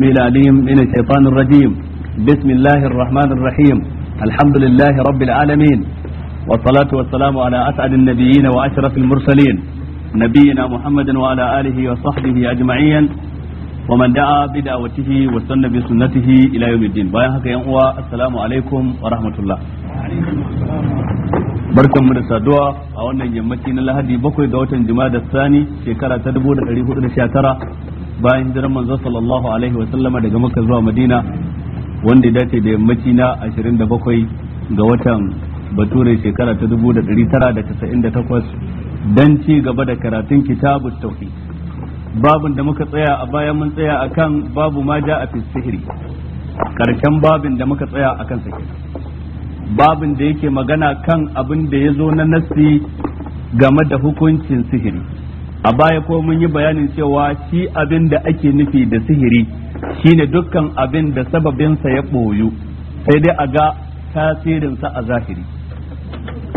السميع العليم من الشيطان الرجيم بسم الله الرحمن الرحيم الحمد لله رب العالمين والصلاة والسلام على أسعد النبيين وأشرف المرسلين نبينا محمد وعلى آله وصحبه أجمعين ومن دعا بدعوته وسن بسنته إلى يوم الدين بايا هكا ينقوى السلام عليكم ورحمة الله barkan mu da saduwa a wannan yammaci na lahadi bakwai ga watan jima'a da sani shekara ta dubu da ɗari hudu da sha tara bayan jiran manzo sallallahu alaihi wa sallama daga Makka zuwa Madina wanda ya dace da yammaci na 27 ga watan Bature shekara ta 1998 dan ci gaba da karatun kitabut tauhid babin da muka tsaya a bayan mun tsaya akan babu ma ja a fi sihiri karshen babin da muka tsaya akan sake babin da yake magana kan abin da ya zo na nassi game da hukuncin sihiri a baya ko mun yi bayanin cewa shi abin da ake nufi da sihiri shine dukkan abin da sababinsa ya ɓoyu sai dai a ga tasirinsa a zahiri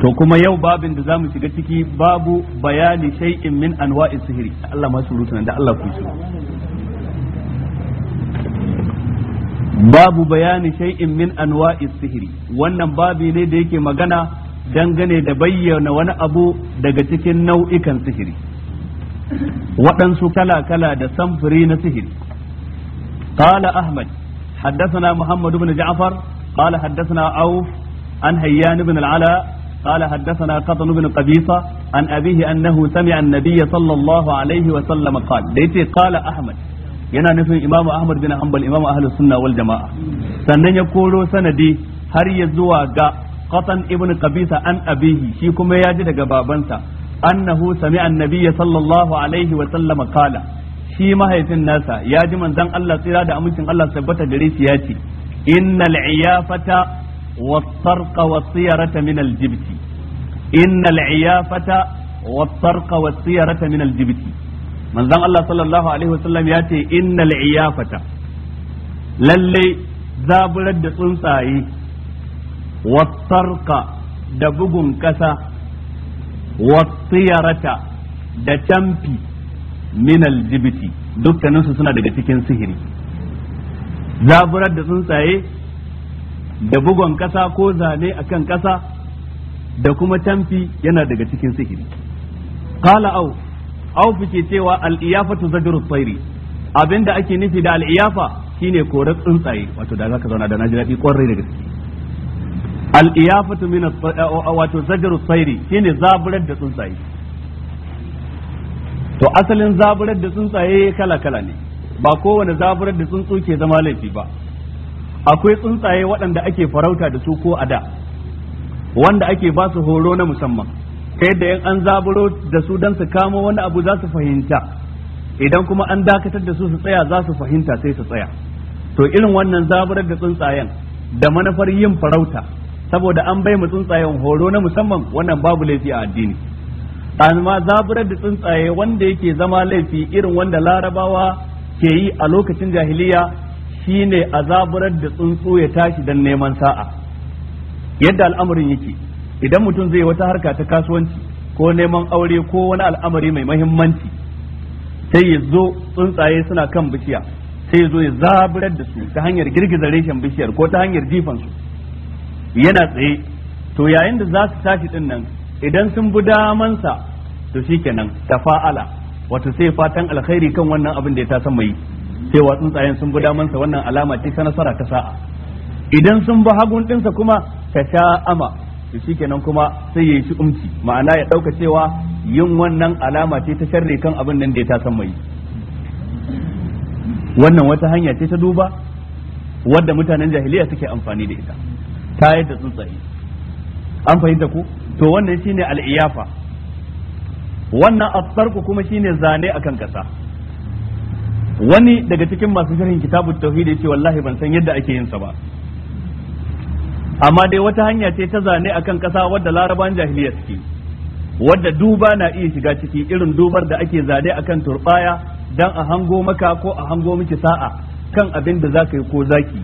to kuma yau babin da zamu shiga ciki babu bayani shay'in min anwa'i sihiri Allah ma surutu da Allah ku shi babu bayani shay'in min anwa'i sihiri wannan babi ne da yake magana dangane da bayyana wani abu daga cikin nau'ikan sihiri waɗansu kala-kala da samfuri na sihir قال أحمد bin محمد بن جعفر قال an عوف bin هيان بن العلاء قال bin qabisa an abihi annahu sami أنه سمع sallallahu alaihi wa sallama وسلم da ديتي قال أحمد yana nufin imamu ahmad bin hanbal imamu ahli sunna wal jama'a sannan ya koro sanadi har ya zuwa ga qatan ibn qabisa an abihi shi kuma ya ji daga babansa annahu sami'a annabiyya sallallahu alaihi wa sallama qala shi mahaifin nasa ya ji manzon Allah tsira da amincin Allah sabbata gare shi ya ce innal iyafata was-sarqa was-siyarata min al-jibti innal iyafata was-sarqa was-siyarata min al-jibti manzon Allah sallallahu alaihi wa sallam ya ce innal iyafata lalle zaburar da tsuntsaye was-sarqa da bugun kasa wasiyarata da tamfi min aljibiti dukkaninsu suna daga cikin sihiri zaburar da tsuntsaye da bugon ƙasa ko zane a kan ƙasa da kuma tamfi yana daga cikin sihiri Kala au au ke cewa al-iyafatu zajru tsairi abinda ake nufi da aliyafa shine korar tsuntsaye wato da zaka zauna da naji daɗi kwarai da gaske al-iyafatu min wato zajaru sairi shine zaburar da tsuntsaye to asalin zaburar da tsuntsaye kala kala ne ba kowane zaburar da tsuntsu ke zama laifi ba akwai tsuntsaye waɗanda ake farauta da su ko a da wanda ake ba su horo na musamman ta yadda yan an zaburo da su don su kamo wani abu za su fahimta idan kuma an dakatar da su su tsaya za su fahimta sai su tsaya to irin wannan zaburar da tsuntsayen da manufar yin farauta saboda an bai mu tsuntsayen horo na musamman wannan babu laifi a addini amma zaburar da tsuntsaye wanda yake zama laifi irin wanda larabawa ke yi a lokacin jahiliya shine a zaburar da tsuntsu ya tashi don neman sa'a yadda al'amarin yake idan mutum zai wata harka ta kasuwanci ko neman aure ko wani al'amari mai mahimmanci sai ya zo tsuntsaye suna kan bishiya sai ya zo ya zaburar da su ta hanyar girgiza reshen bishiyar ko ta hanyar jifansu su yana tsaye to yayin da za su tashi din nan idan sun bi damansa to shikenan tafa'ala wato sai fatan alkhairi kan wannan abin da ya tasan mai cewa tsuntsayen sun bi damansa wannan alama ce ta nasara ta sa'a idan sun bi hagun dinsa kuma ta sha'ama to shikenan kuma sai ya yi shi umci ma'ana ya dauka cewa yin wannan alama ce ta sharri kan abin nan da ya tasan mai wannan wata hanya ce ta duba wadda mutanen jahiliya suke amfani da ita Ta tayar da tsuntsaye an fahimta ku to wannan shine al'iyafa wannan asarku kuma shine zane akan kasa wani daga cikin masu sharhin kitabu tauhid ce wallahi ban san yadda ake yin sa ba amma dai wata hanya ce ta zane akan kasa wadda laraban jahiliya suke wadda duba na iya shiga ciki irin dubar da ake zane akan turbaya dan a hango maka ko a hango miki sa'a kan abin da zaka yi ko zaki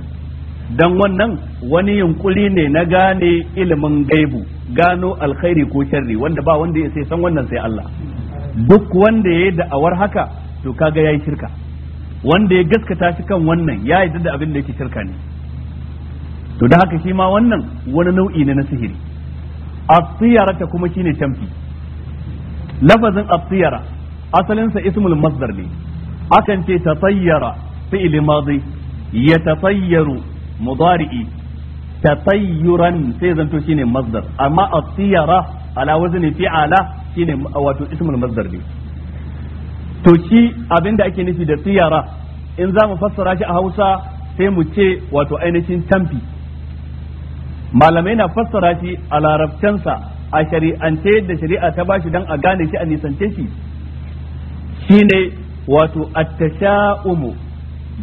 dan wannan wani yunkuri ne na gane ilimin gaibu gano alkhairi ko sharri wanda ba wanda ya sai san wannan sai Allah duk wanda ya yi da'awar haka to kaga yayi shirka wanda ya gaskata shi kan wannan ya yi da abin da yake shirka ne to da haka shi ma wannan wani nau'i ne na sihiri asiyara ta kuma shine tamfi lafazin asiyara asalinsa ismul masdar ne akan ce tasayyara fi'il madi ya tafayyaru. mudari'i tatayyuran sai zanto shine masdar amma at-tiyara ala wazni fi'ala shine wato ismul masdar ne to shi abinda ake nufi da tiyara in za mu fassara shi a Hausa sai mu ce wato ainihin tamfi malamai na fassara shi a larabcansa a shari'ance da shari'a ta bashi dan a gane shi a nisance shi shine wato at-tasha'umu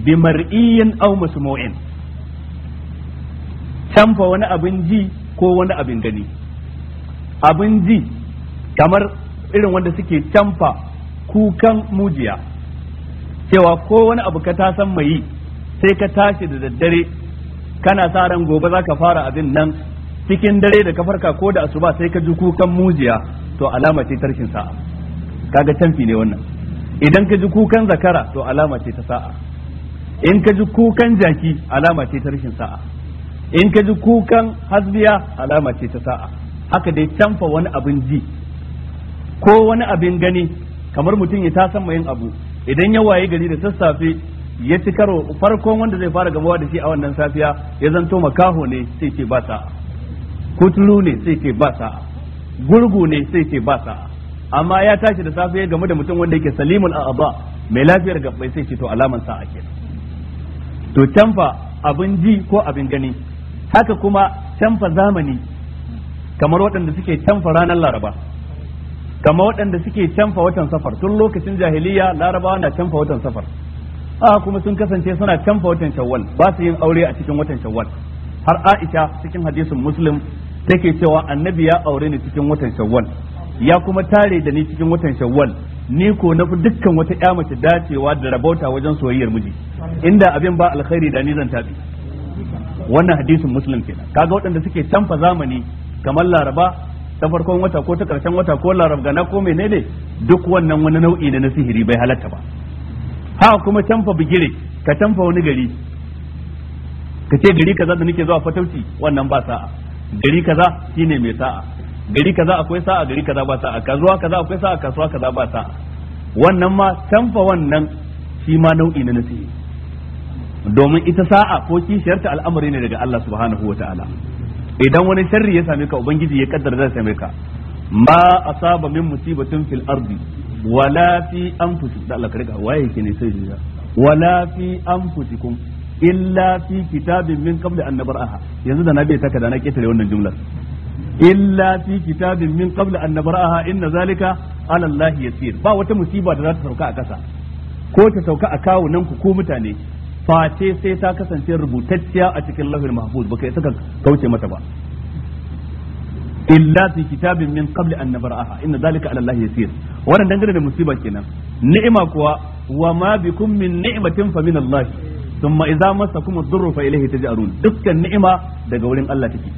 bi mar'iyyin aw masmu'in canfa wani abin ji ko wani abin gani abin ji kamar irin wanda suke canfa kukan mujiya cewa ko wani abu ka ta san mai sai ka tashi da daddare kana sa ran gobe za ka fara abin nan cikin dare da ka farka ko da asuba sai ka ji kukan mujiya to alama ce tarshin sa'a kaga canfi ne wannan idan ka ji kukan zakara to alama ce ta sa'a in ka ji kukan jaki alama ce tarshin sa'a in ka ji kukan hasbiya alama ce ta sa'a haka dai tamfa wani abin ji ko wani abin gani kamar mutum ya tasan yin abu idan ya waye gari da sassafe ya ci karo farkon wanda zai fara gabawa da shi a wannan safiya ya zanto makaho ne sai ce ba sa'a kuturu ne sai ce ba sa'a gurgu ne sai ce ba sa'a amma ya tashi da safe ya game da mutum wanda yake salimul aba mai lafiyar gabbai sai ce to alaman sa'a kenan to canfa abin ji ko abin gani haka kuma canfa zamani kamar waɗanda suke canfa ranar laraba kamar waɗanda suke canfa watan safar tun lokacin jahiliya larabawa na canfa watan safar a kuma sun kasance suna canfa watan shawwal ba su yin aure a cikin watan shawwal har aisha cikin hadisin muslim take cewa annabi ya aure ni cikin watan shawwal ya kuma tare da ni cikin watan shawwal ni ko na fi dukkan wata ya mace dacewa da rabauta wajen soyayyar miji inda abin ba alkhairi da ni zan tafi wannan hadisin muslim nan kaga waɗanda suke canfa zamani kamar laraba ta farkon wata ko ta karshen wata ko larabgana ko menene duk wannan wani nau'i na sihiri bai halatta ba ha kuma canfa bigire ka canfa wani gari ka ce gari kaza da nake zuwa fatauci wannan ba sa'a gari kaza shine mai sa'a gari kaza akwai sa'a gari kaza ba sa'a kasuwa kaza akwai sa'a kasuwa kaza ba sa'a wannan ma canfa wannan shi ma nau'i na nasihi domin ita sa'a ko kishiyarta al'amari ne daga Allah subhanahu wa ta'ala idan wani sharri ya same ka ubangiji ya kaddara zai same ka ma asaba min musibatin fil ardi wala fi anfusikum da Allah ka riga waye yake ne sai jiya wala fi anfusikum illa fi kitabin min qabli an nabraha yanzu da na ta taka da na ketare wannan jumlar illa fi kitabin min qabli an nabraha inna zalika ala Allah yasir ba wata musiba da za ta sauka a kasa ko ta sauka a kawunan ku ko mutane face sai ta kasance rubutacciya a cikin lahir mahfuz baka isa kauce mata ba illa fi kitabin min qabli an nabraha inna zalika ala allahi yasir wannan dangane da musiba kenan ni'ima kuwa wa ma bikum min ni'matin fa min allah thumma idza massakum ad-durru fa ilayhi taj'arun dukkan ni'ima daga wurin Allah take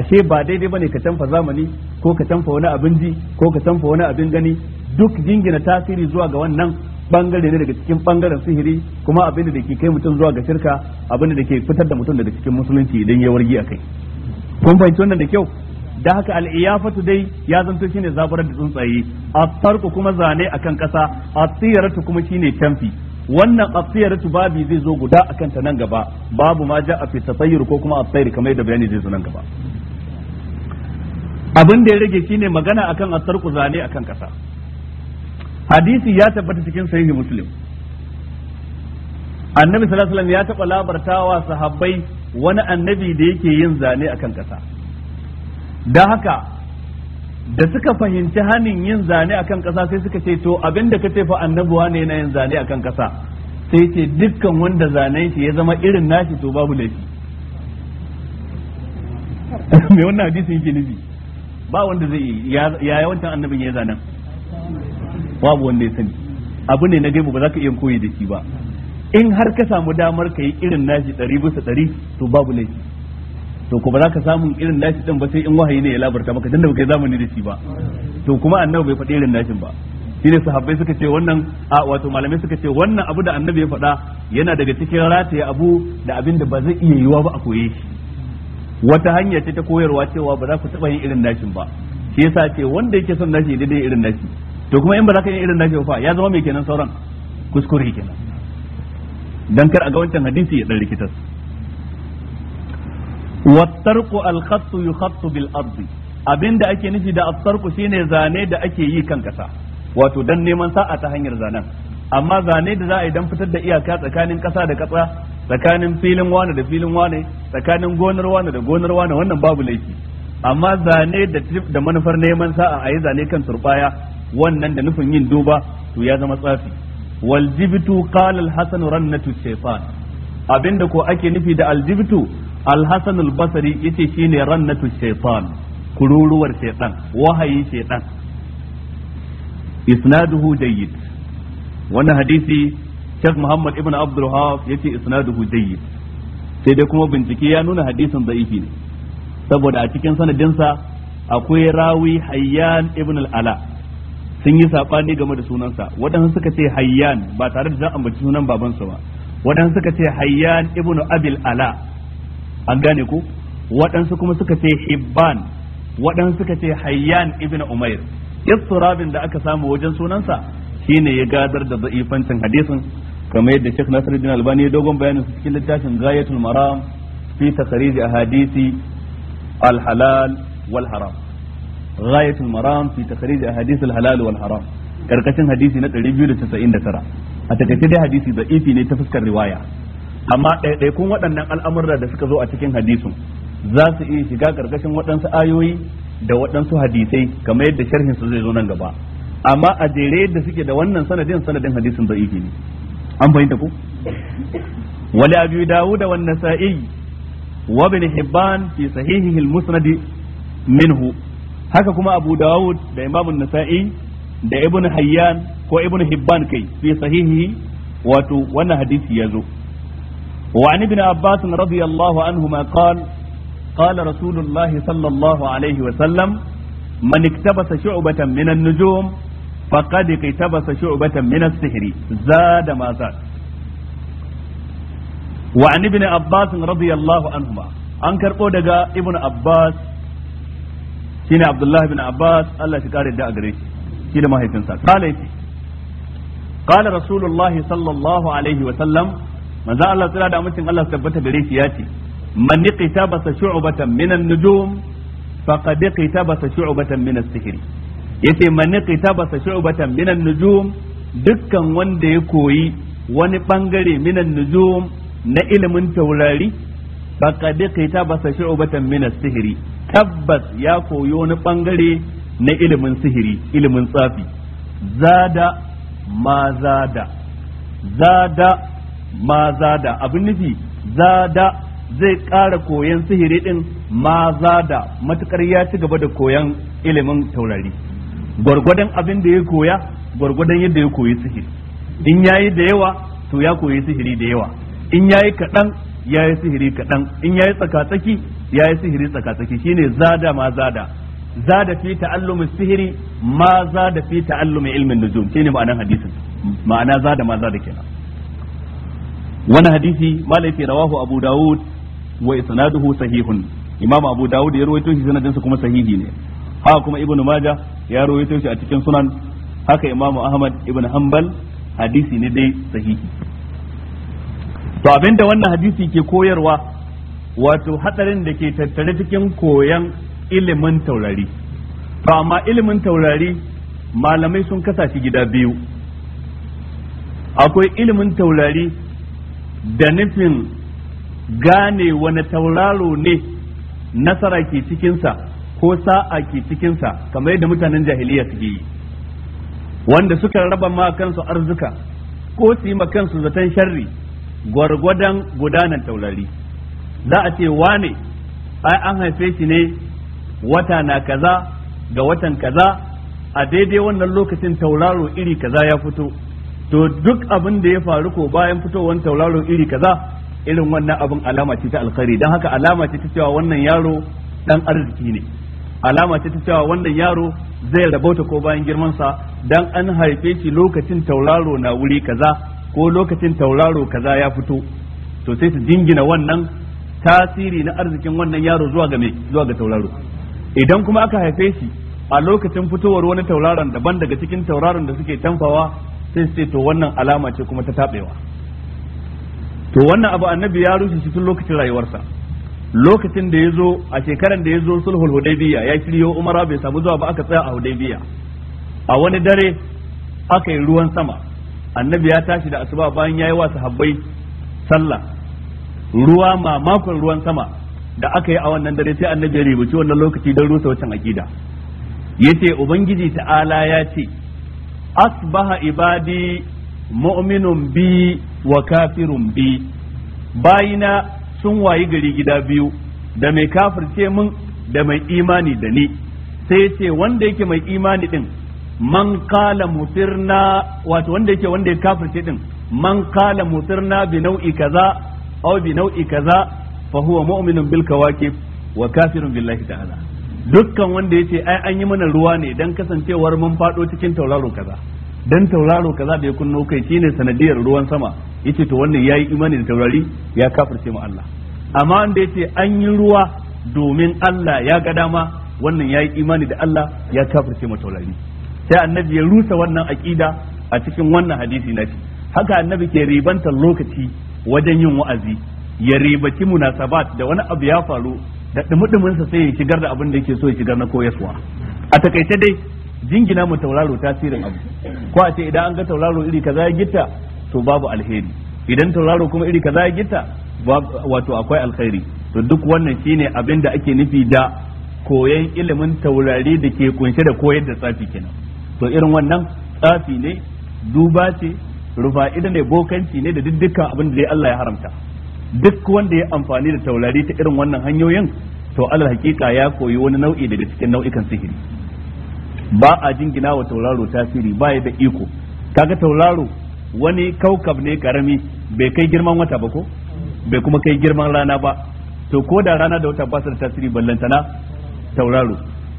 ashe ba daidai bane ka tanfa zamani ko ka tanfa wani abin ji ko ka tanfa wani abin gani duk jingina tasiri zuwa ga wannan bangare ne daga cikin bangaren sihiri kuma abin da ke kai mutum zuwa ga shirka abin da ke fitar da mutum daga cikin musulunci idan ya wargi a kai kun fahimci wannan da kyau da haka al'iyafatu dai ya zanto shine zaburar da tsuntsaye asfarku kuma zane akan kasa asiratu kuma shine tamfi wannan asiyaratu babi zai zo guda akan ta nan gaba babu ma ja a fi tasayyur ko kuma asayir kamar da bayani zai zo nan gaba abin da ya rage shine magana akan asarku zane akan kasa hadisi ya tabbata cikin sahihi muslim annabi sallallahu alaihi wasallam ya taba labartawa sahabbai wani annabi da yake yin zane akan kasa da haka da suka fahimci hanin yin zane akan kasa sai suka ce to abinda ka ce fa annabuwa ne yana yin zane akan kasa sai ce dukkan wanda zanen shi ya zama irin nashi to babu laifi me wannan hadisin yake nufi ba wanda zai yi ya yawancin annabin ya zanen babu wanda ya sani abu ne na gaibu ba za ka iya koyi da shi ba in har ka samu damar ka yi irin nashi ɗari bisa ɗari to babu ne to ko ba za ka samu irin nashi ɗin ba sai in wahayi ne ya labarta maka tunda baka yi zamani da shi ba to kuma annabi bai faɗi irin nashin ba shine sahabbai suka ce wannan a wato malamai suka ce wannan abu da annabi ya faɗa yana daga cikin rataye abu da abin da ba zai iya yiwa ba a koye shi wata hanya ce ta koyarwa cewa ba za ku taɓa yin irin nashin ba shi yasa ce wanda yake son nashi daidai irin nashi to kuma in ba za ka yi irin nafi fa ya zama mai kenan sauran kuskure kenan dan kar a ga wancan hadisi ya dan rikitar wattarku alkhattu yukhattu bil ardi abinda ake nufi da asarku shine zane da ake yi kan kasa wato dan neman sa'a ta hanyar zanen amma zane da za a yi dan fitar da iyaka tsakanin kasa da kasa tsakanin filin wane da filin wane tsakanin gonar wane da gonar wane wannan babu laifi amma zane da manufar neman sa'a a yi zane kan turbaya wannan da nufin yin duba to ya zama tsafi Waljibitu jibtu qala al rannatu shaytan abinda ko ake nufi da al jibtu al basri yace shine rannatu shaytan kururuwar shaytan wahayi shaytan isnaduhu jayyid wannan hadisi Sheikh Muhammad ibn Abdul Wahab yace isnaduhu jayyid sai dai kuma bincike ya nuna hadisin da'ifi ne saboda a cikin sanadinsa akwai rawi Hayyan ibn al-Ala sun yi sabani game da sunansa waɗansu suka ce hayyan ba tare da za a ambaci sunan babansa ba waɗansu suka ce hayyan ibnu abil ala an gane ku waɗansu kuma suka ce hibban waɗansu suka ce hayyan ibnu umair istirabin da aka samu wajen sunansa shine ya gadar da za'ifancin hadisin kamar yadda Sheikh Nasiruddin Albani ya dogon bayanin su cikin littafin Ghayatul Maram fi takhrij ahadisi al-halal wal haram ghayatul maram fi takhrij ahadith al halal wal haram karkashin hadisi na 299 a takaice dai hadisi za'ifi ne ta fuskar riwaya amma ɗaiɗaikun waɗannan al'amurra da suka zo a cikin hadisin za su iya shiga karkashin waɗansu ayoyi da waɗansu hadisai kamar yadda sharhin su zai zo nan gaba amma a jere da suke da wannan sanadin sanadin hadisin da ifi ne an fahimta ku wali abi dawud wa nasa'i wa ibn hibban fi sahihihi al-musnad minhu haka kuma abu dawud da imam nasa'i da ibn hayyan ko ibn hibban kai fi sahihi wato wannan hadisi ya zo wa an ibn abbas radiyallahu anhu ma qala qala rasulullah sallallahu alaihi wa sallam man iktabasa shu'batan min an-nujum faqad iktabasa shu'batan min as-sihr zada ma zada wa an ibn abbas radiyallahu anhuma an karbo daga ibn abbas shine Abdullah bin Abbas Allah shi kare da a gare shi shi da mahaifinsa kala yace kala Rasulullah sallallahu alaihi wa sallam manzo Allah tsira da amincin Allah tabbata gare shi yace man qitabasa shu'batan min an-nujum faqad qitabasa shu'batan min as-sihr yace man qitabasa shu'batan min an-nujum dukkan wanda ya koyi wani bangare min an-nujum na ilimin taurari faqad qitabasa shu'batan min as-sihr tabbas ya koyo wani bangare na ilimin sihiri ilimin tsafi zada ma zada zada ma zada abin nufi zada zai ƙara koyon sihiri ɗin ma zada matukar ya ci gaba da koyan ilimin taurari gwargwadon abin da ya koya gwargwadon yadda ya koyi sihiri in yayi da yawa to ya koyi sihiri da yawa in yayi kaɗan ya yi sihiri kaɗan in ya yi tsaka-tsaki. ya yi sihiri tsakatsaki shine zada ma zada zada fi ta'allumi sihiri ma zada fi ta'allumi ilmin nujum shine ma'anar hadisin ma'ana zada ma zada kenan wani hadisi malai rawahu abu dawud wa isnaduhu sahihun imam abu dawud ya rawaito shi sanadin sa kuma sahihi ne haka kuma ibnu Maja ya rawaito shi a cikin sunan haka imam ahmad ibnu hanbal hadisi ne dai sahihi to abinda wannan hadisi ke koyarwa wato hatsarin da ke tattare cikin koyon ilimin taurari to amma ilimin taurari malamai sun kasa shi gida biyu akwai ilimin taurari da nufin gane wani tauraro ne nasara ke cikinsa ko sa'a ke cikinsa kamar yadda mutanen jahiliya suke yi wanda suka raba ma kansu arzuka ko su yi ma kansu zaton sharri gwargwadon gudanar taurari za a ce wane ai an haife shi ne wata na kaza ga watan kaza a daidai wannan lokacin tauraro iri kaza ya fito to duk abin da ya faru ko bayan fitowar tauraro iri kaza irin wannan abin alama ce ta alkhairi don haka alama ce ta cewa wannan yaro dan arziki ne alama ce ta cewa wannan yaro zai rabauta ko bayan girmansa dan an haife shi lokacin tauraro na wuri kaza ko lokacin tauraro kaza ya fito to sai su jingina wannan tasiri na arzikin wannan yaro zuwa ga mai zuwa ga tauraro idan kuma aka haife shi a lokacin fitowar wani tauraron daban daga cikin tauraron da suke tamfawa sai su to wannan alama ce kuma ta tabewa to wannan abu annabi ya rushe shi tun lokacin rayuwarsa lokacin da ya zo a shekaran da ya zo sulhul hudaybiya ya shiryo umara bai samu zuwa ba aka tsaya a hudaybiya a wani dare aka yi ruwan sama annabi ya tashi da asuba bayan yayi wa sahabbai sallah ruwa mamakon ruwan sama da aka yi a wannan dare sai annabi ya rubuci wannan lokaci don rusa wancan akida yace ubangiji ta'ala ya ce asbaha ibadi mu'minun bi wa kafirun bi bayina sun wayi gari gida biyu da mai kafirce mun da mai imani da ni sai yace wanda yake mai imani din man kala mutirna wato wanda yake wanda ya kafirce din man kala mutirna bi nau'i kaza aw bi nau'i kaza fa huwa mu'minun bil kawakib wa kafirun billahi ta'ala dukkan wanda yace ai an yi mana ruwa ne dan kasancewar mun fado cikin tauraro kaza dan tauraro kaza da ya kunno kai shine sanadiyar ruwan sama yace to wannan yayi imani da taurari ya kafirce mu Allah amma wanda yace an yi ruwa domin Allah ya ga dama wannan yayi imani da Allah ya kafirce mu taurari sai annabi ya rusa wannan aqida a cikin wannan hadisi na haka annabi ke ribantan lokaci wajen yin wa'azi ya ribaci munasabat da wani abu ya faru da dumudumin sai ya shigar da abin da yake so ya shigar na koyaswa a takaice dai jingina mu tauraro tasirin abu ko a ce idan an ga tauraro iri kaza ya gitta to babu alheri idan tauraro kuma iri kaza ya gitta wato akwai alkhairi to duk wannan shine abin da ake nufi da koyan ilimin taurari da ke kunshe da koyar da tsafi kenan to irin wannan tsafi ne duba ce rufa'ida ne bokanci ne da dukkan abin da dai Allah ya haramta duk wanda ya amfani da taurari ta irin wannan hanyoyin to alal hakika ya koyi wani nau'i daga cikin nau'ikan sihiri ba a jingina wa tauraro tasiri ba ya da iko kaga tauraro wani kaukab ne karami bai kai girman wata ba ko bai kuma kai girman rana ba to ko da rana da wata ba su da tasiri ballantana tauraro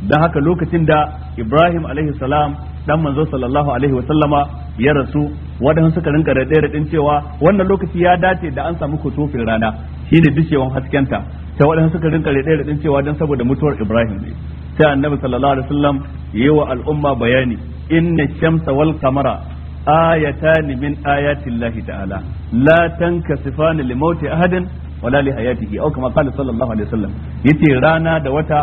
don haka lokacin da ibrahim alaihi salam dan manzo sallallahu alaihi wa sallama ya rasu wadannan suka rinka ɗaya raɗin cewa wannan lokaci ya dace da an samu kusufin rana Shi shine dishewan haskenta ta wadannan suka rinka ɗaya raɗin cewa don saboda mutuwar Ibrahim ne sai annabi sallallahu alaihi wasallam yi wa al'umma bayani inna shamsa wal qamara ayatan min ayati llahi ta'ala la tankasifani li mauti ahadin wala li hayatihi aw kama qala sallallahu alaihi wasallam yace rana da wata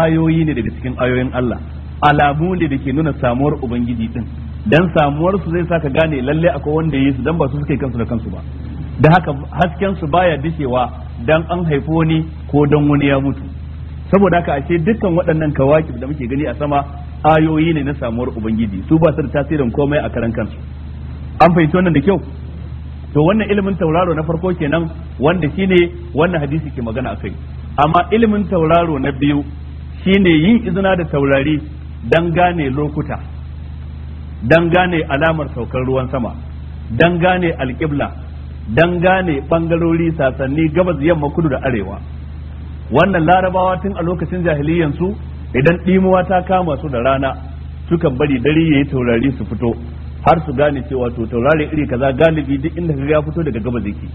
ayoyi ne daga cikin ayoyin Allah alamu ne da ke nuna samuwar ubangiji din dan samuwar su zai saka gane lalle akwai wanda yi su dan ba su suke kansu da kansu ba da haka hasken su baya dishewa dan an haifi wani ko dan wani ya mutu saboda haka ashe dukkan waɗannan kawakib da muke gani a sama ayoyi ne na samuwar ubangiji su ba su da tasirin komai a karan kansu an fahimci wannan da kyau to wannan ilimin tauraro na farko kenan wanda shine wannan hadisi ke magana akai amma ilimin tauraro na biyu shine yin izina da taurari dan gane lokuta dan gane alamar saukar ruwan sama dan gane alƙibla dan gane bangarori sasanni gabas yamma kudu da arewa wannan larabawa tun a lokacin jahiliyan su idan ɗimuwa ta kama su da rana sukan bari dare yayi taurari su fito har su gane cewa to taurari iri kaza galibi duk inda kaga ya fito daga gabas yake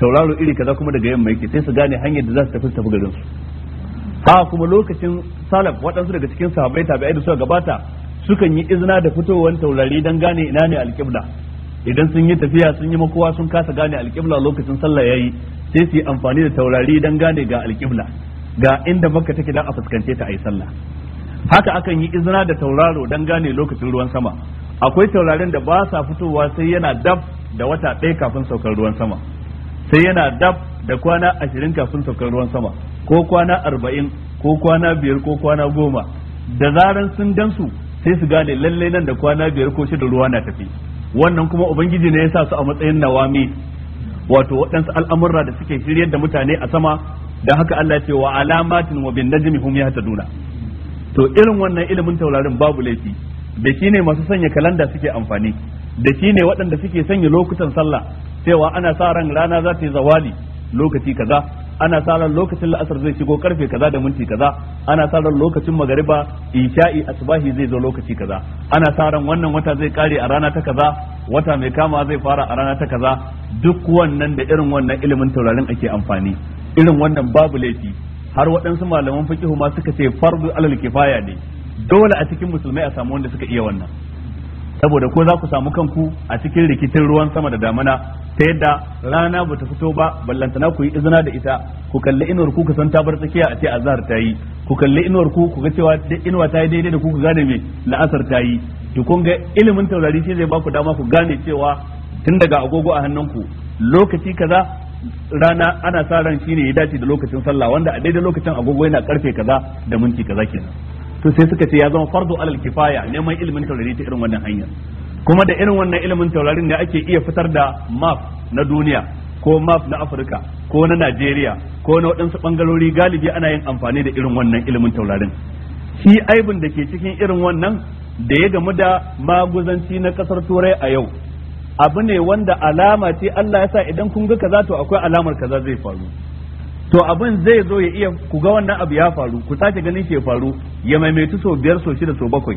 tauraro iri kaza kuma daga yamma yake sai su gane hanyar da za su tafi su tafi garin su ha kuma lokacin salaf waɗansu daga cikin sahabbai tabi'ai da suka gabata sukan yi izina da fitowar taurari don gane ina ne alƙibla idan sun yi tafiya sun yi makowa sun kasa gane alƙibla lokacin sallah ya yi, sai su yi amfani da taurari don gane ga alƙibla ga inda makka take don a fuskance ta ayi sallah haka akan yi izina da tauraro don gane lokacin ruwan sama akwai taurarin da ba sa fitowa sai yana dab da wata ɗaya kafin saukar ruwan sama sai yana dab da kwana ashirin kafin saukar ruwan sama ko kwana arba'in ko kwana biyar ko kwana goma da zaran sun sai su gane lallai nan da kwana biyar ko shida ruwa na tafi wannan kuma ubangiji ne ya sa su a matsayin nawami wato waɗansu al'amurra da suke shiryar da mutane a sama da haka Allah ce wa alamatin wa bin najmi hum yahtaduna to irin wannan ilimin taurarin babu laifi da shi ne masu sanya kalanda suke amfani da shi ne waɗanda suke sanya lokutan sallah cewa ana sa ran rana za ta yi zawali lokaci kaza ana sa ran lokacin la'asar zai shigo karfe kaza da minti kaza ana sa ran lokacin magariba isha'i asbahi zai zo lokaci kaza ana sa ran wannan wata zai kare a rana ta kaza wata mai kama zai fara a rana ta kaza duk wannan da irin wannan ilimin taurarin ake amfani irin wannan babu laifi har waɗansu malaman fiqihu ma suka ce fardu alal kifaya ne dole a cikin musulmai a samu wanda suka iya wannan saboda ko za ku samu kanku a cikin rikicin ruwan sama da damana ta yadda rana ba ta fito ba ballantana ku yi izina da ita ku kalli inuwar ku san ta bar tsakiya a ce azhar ta yi ku kalli inuwar ku ku ga cewa inuwa ta yi daidai da ku ku gane me la'asar ta yi to kun ga ilimin taurari shi zai ba ku dama ku gane cewa tun daga agogo a hannunku lokaci kaza rana ana sa ran shine ya dace da lokacin sallah wanda a daidai lokacin agogo yana karfe kaza da minti kaza kenan to sai suka ce ya zama fardu alal kifaya neman ilimin taurari ta irin wannan hanyar kuma da irin wannan ilimin taurarin ne ake iya fitar da map na duniya ko map na Afirka ko na Najeriya ko na waɗansu ɓangarori galibi ana yin amfani da irin wannan ilimin taurarin shi aibin da ke cikin irin wannan da ya gamu da maguzanci na ƙasar turai a yau abu ne wanda alama ce Allah ya sa idan kun ga kaza to akwai alamar kaza zai faru to abin zai zo ya iya ku ga wannan abu ya faru ku sake ganin shi ya faru ya maimaitu sau biyar so shida so bakwai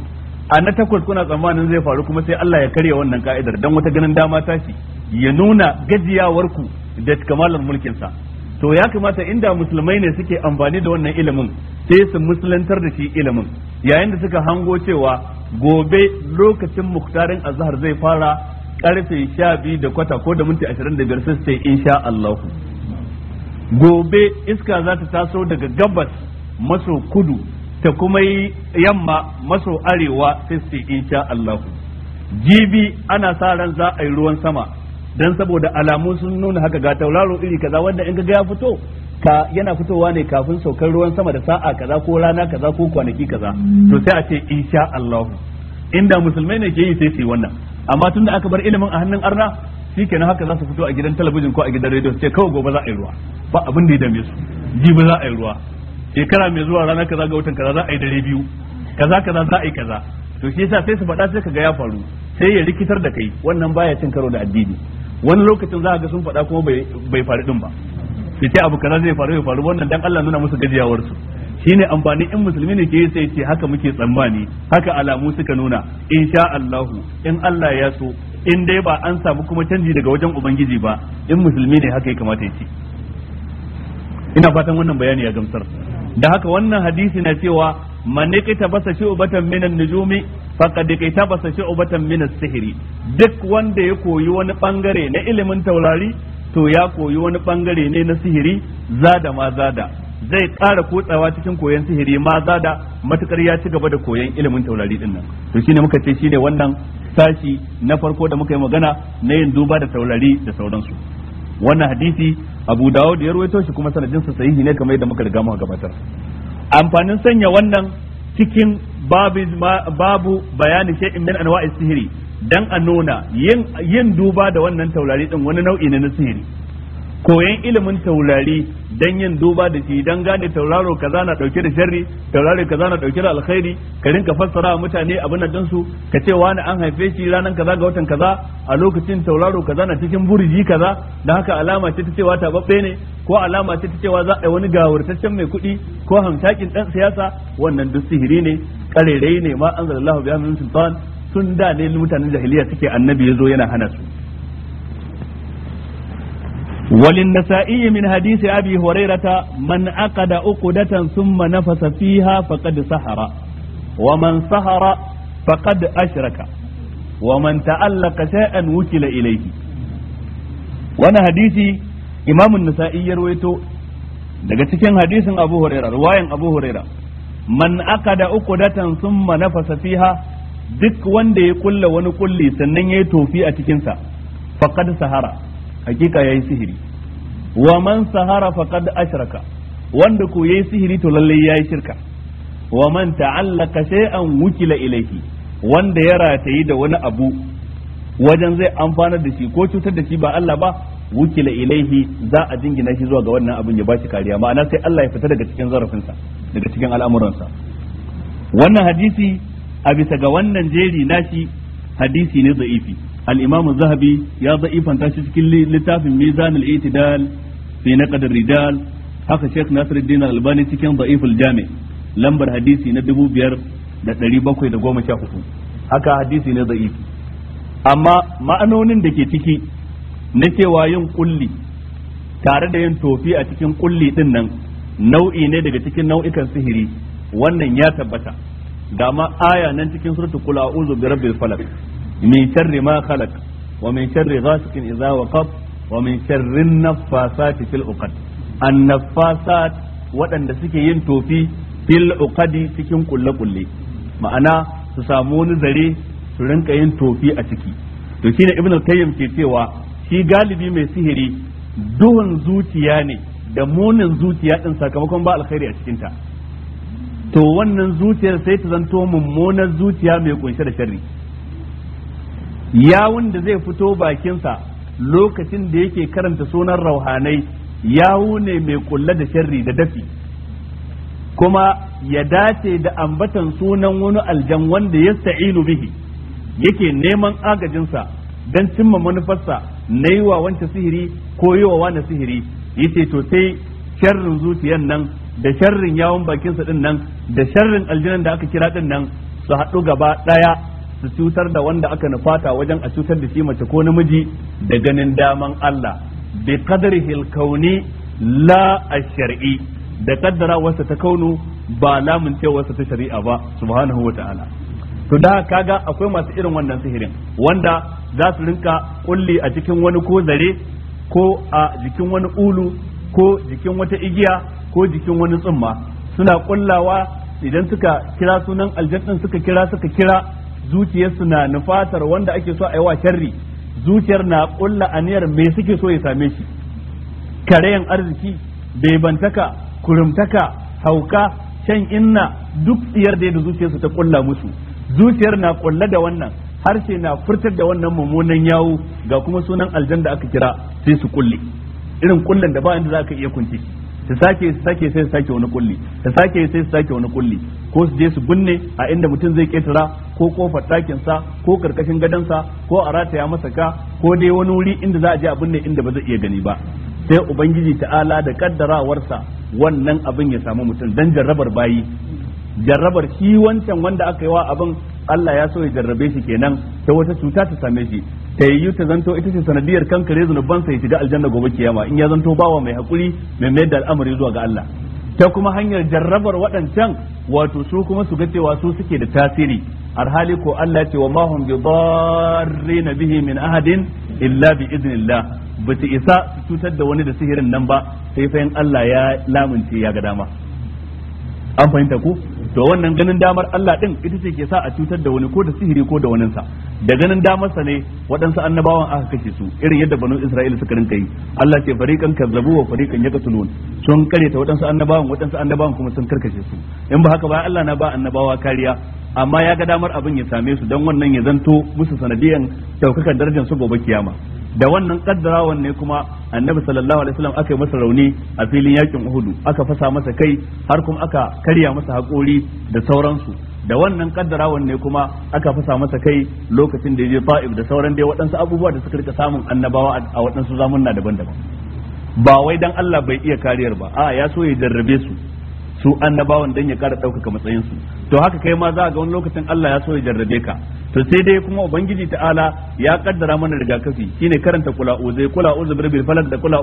a na takwas kuna tsammanin zai faru kuma sai Allah ya karya wannan ka'idar dan wata ganin dama tashi ya nuna gajiyawar ku da kamalar mulkin sa to ya kamata inda musulmai ne suke amfani da wannan ilimin sai su musulantar da shi ilimin yayin da suka hango cewa gobe lokacin muktarin azhar zai fara karfe sha biyu da kwata ko da minti ashirin da biyar sai insha Allahu gobe iska za ta taso daga gabas maso kudu ta kuma yi yamma maso arewa sai su insha Allah jibi ana sa ran za a yi ruwan sama dan saboda alamu sun nuna haka ga tauraro iri kaza wanda in ga ya fito ka yana fitowa ne kafin saukar ruwan sama da sa'a kaza ko rana kaza ko kwanaki kaza to sai a ce insha Allah inda musulmai ne ke yi sai su yi wannan amma tunda aka bar ilimin a hannun arna shikenan haka za su fito a gidan talabijin ko a gidan rediyo ce kawai gobe za a yi ruwa ba abin da ya dame su jibi za a yi ruwa shekara mai zuwa ranar kaza ga watan kaza za a yi dare biyu kaza kaza za a yi kaza to shi yasa sai su faɗa sai kaga ya faru sai ya rikitar da kai wannan baya cin karo da addini wani lokacin za a ga sun faɗa kuma bai faru din ba sai ce abu kaza zai faru ya faru wannan dan Allah nuna musu gajiyawar su shi ne amfani in musulmi ne ke sai ce haka muke tsammani haka alamu suka nuna insha Allah in Allah ya so in dai ba an samu kuma canji daga wajen ubangiji ba in musulmi ne haka ya kamata ya ce ina fatan wannan bayani ya gamsar da haka wannan hadisi na cewa man ta basa ubatan minan nujumi faqad ta basa ubatan minas sihiri duk wanda ya koyi wani bangare na ilimin taurari to ya koyi wani bangare ne na sihiri zada ma zada zai ƙara kotsawa cikin koyon sihiri ma zada matukar ya ci gaba da koyon ilimin taurari din nan to shine muka ce shine wannan sashi na farko da muka yi magana na yin duba da taurari da sauransu wannan hadisi abu dawud ya ruwaito shi kuma sanadin sa sahihi ne kamar yadda muka riga muka gabatar amfanin sanya wannan cikin babu babu bayani shay'in min anwa'is sihiri dan a nuna yin yin duba da wannan taurari din wani nau'i ne na sihiri koyan ilimin taurari dan yin duba da shi dan gane tauraro kaza na dauke da sharri tauraro kaza na ɗauke da alkhairi ka rinka fassara wa mutane abin da su ka ce wani an haife shi ranar kaza ga watan kaza a lokacin tauraro kaza na cikin burji kaza da haka alama ce ta cewa babbe ne ko alama ce ta cewa za a yi wani gawurtaccen mai kuɗi ko hamtakin ɗan siyasa wannan duk sihiri ne karerai ne ma anzalallahu bihamdihi sultan tun da ne mutanen jahiliya suke annabi ya zo yana hana su وللنسائي من حديث أبي هريرة من أقد أقدة ثم نفس فيها فقد سهر ومن سهر فقد أشرك ومن تعلق شيئا وكل إليه وانا حديثي إمام النسائي يرويته daga cikin hadisin Abu Hurairah ruwayan Abu Hurairah man aqada uqdatan thumma nafasa fiha duk wanda ya kulla wani kulli sannan yayi tofi a cikin sa faqad sahara hakika yayi sihiri wa man sahara faqad ashraka wanda ko yayi sihiri to lalle yayi shirka wa man ta'allaka shay'an wukila ilayhi wanda ya ratayi da wani abu wajen zai amfanar da shi ko cutar da shi ba Allah ba wukila ilaihi za a jingina shi zuwa ga wannan abin ya ba shi kariya ma'ana sai Allah ya fita daga cikin zarafinsa daga cikin al'amuransa wannan hadisi a bisa ga wannan jeri nashi hadisi ne za'ifi. Al'imamin zahabi ya da'ifanta shi cikin littafin mizan al-i'tidal fi naqd ridal haka sheikh nasiruddin al-albani cikin da'if al lambar hadisi na hudu haka hadisi ne za'ifi. amma ma'anonin da ke ciki na cewa yin kulli tare da yin tofi a cikin kulli din nan nau'i ne daga cikin nau'ikan sihiri wannan ya tabbata dama aya nan cikin suratul qul a'udhu birabbil falaq min sharri ma khalaq wa min sharri ghasikin idza waqab wa min sharri naffasati fil uqad annaffasat waɗanda suke yin tofi fil uqadi cikin kulle kulle ma'ana su samu wani zare su rinka yin tofi a ciki to shine ibn al-qayyim ke cewa shi galibi mai sihiri duhun zuciya ne da munin zuciya ɗin sakamakon ba alkhairi a cikinta. to wannan zuciyar sai ta zanto mummunar zuciya mai kunshe da sharri yawun da zai fito bakinsa lokacin da yake karanta sunan rauhanai yawu ne mai kulla da sharri da dafi kuma ya dace da ambatan sunan wani aljan wanda ya sa'ilu bihi yake neman agajinsa don cimma manufarsa na yi wa wance sihiri ko yi wa wani sihiri ce to sai sharrin zuciyan nan da sharrin yawon bakinsa din nan da sharrin aljinan da aka kira din nan su haɗu gaba ɗaya su cutar da wanda aka nufata wajen a cutar da shi mace ko namiji da ganin daman Allah bi hilkauni al-kauni la da kaddara wasa ta kaunu ba lamun wasa ta shari'a ba subhanahu wa ta'ala to da kaga akwai masu irin wannan sihirin wanda za su rinka kulli a cikin wani ko zare ko a jikin wani ulu ko jikin wata igiya ko jikin wani tsumma suna kullawa idan suka kira sunan aljannin suka kira suka kira zuciyarsu na nufatar wanda ake so a yi wa sharri zuciyar na kulla aniyar me suke so ya same shi karayan arziki bebantaka kurumtaka hauka shan inna duk tsiyar da da zuciyarsu ta kulla musu zuciyar na kulla da wannan harshe na furtar da wannan mummunan yawo ga kuma sunan aljan aka kira sai su kulle irin kullen da ba inda za ka iya kunce shi su sake su sake sai su sake wani kulli su sake sai su sake wani kulli ko su je su binne a inda mutum zai ketara ko kofar ɗakin sa ko karkashin sa ko a rataya masa ka ko dai wani wuri inda za a je a binne inda ba zai iya gani ba sai ubangiji ta'ala da kaddarawarsa wannan abin ya samu mutum dan jarrabar bayi jarrabar shi wancan wanda aka yi wa abin Allah ya so ya jarrabe shi kenan ta wata cuta ta same shi ta yi ta zanto ita ce sanadiyar kankare zunuban sa ya shiga aljanna gobe kiyama in ya zanto bawa mai hakuri mai mayar da al'amari zuwa ga Allah ta kuma hanyar jarrabar waɗancan wato su kuma su ga cewa su suke da tasiri alhali ko Allah ce wa mahum bi darrina bihi min ahadin illa bi idnillah ba ta isa su cutar da wani da sihirin nan ba sai fa Allah ya lamunce ya ga dama an fahimta ku to wannan ganin damar Allah din ita ce ke sa a cutar da wani ko da sihiri ko da waninsa da ganin damar sa ne waɗansu annabawan aka kashe su irin yadda banu Isra'ila suka rinka yi Allah ce fariqan kazzabu wa fariqan yaqtulun sun kare ta waɗansu annabawan waɗansu annabawan kuma sun karkashe su in ba haka ba Allah na ba annabawa kariya amma ya ga damar abin ya same su don wannan ya zanto musu sanadiyan daukakar darajar su gobe kiyama da wannan kaddarawan ne kuma annabi sallallahu alaihi wasallam aka yi masa rauni a filin yakin uhudu aka fasa masa kai har kuma aka karya masa haƙori da sauransu da wannan kaddarawan ne kuma aka fasa masa kai lokacin da ya je fa'ib da sauran dai waɗansu abubuwa da suka rika samun annabawa a waɗansu zamunna daban-daban ba wai dan Allah bai iya kariyar ba a ya so ya jarrabe su su annabawan dan ya kara ɗaukaka matsayinsu to haka kai ma za ga wani lokacin Allah ya so ya jarrabe ka to sai dai kuma ubangiji ta'ala ya kaddara mana rigakafi shine karanta kula uzai kula uzu birbil falad da kula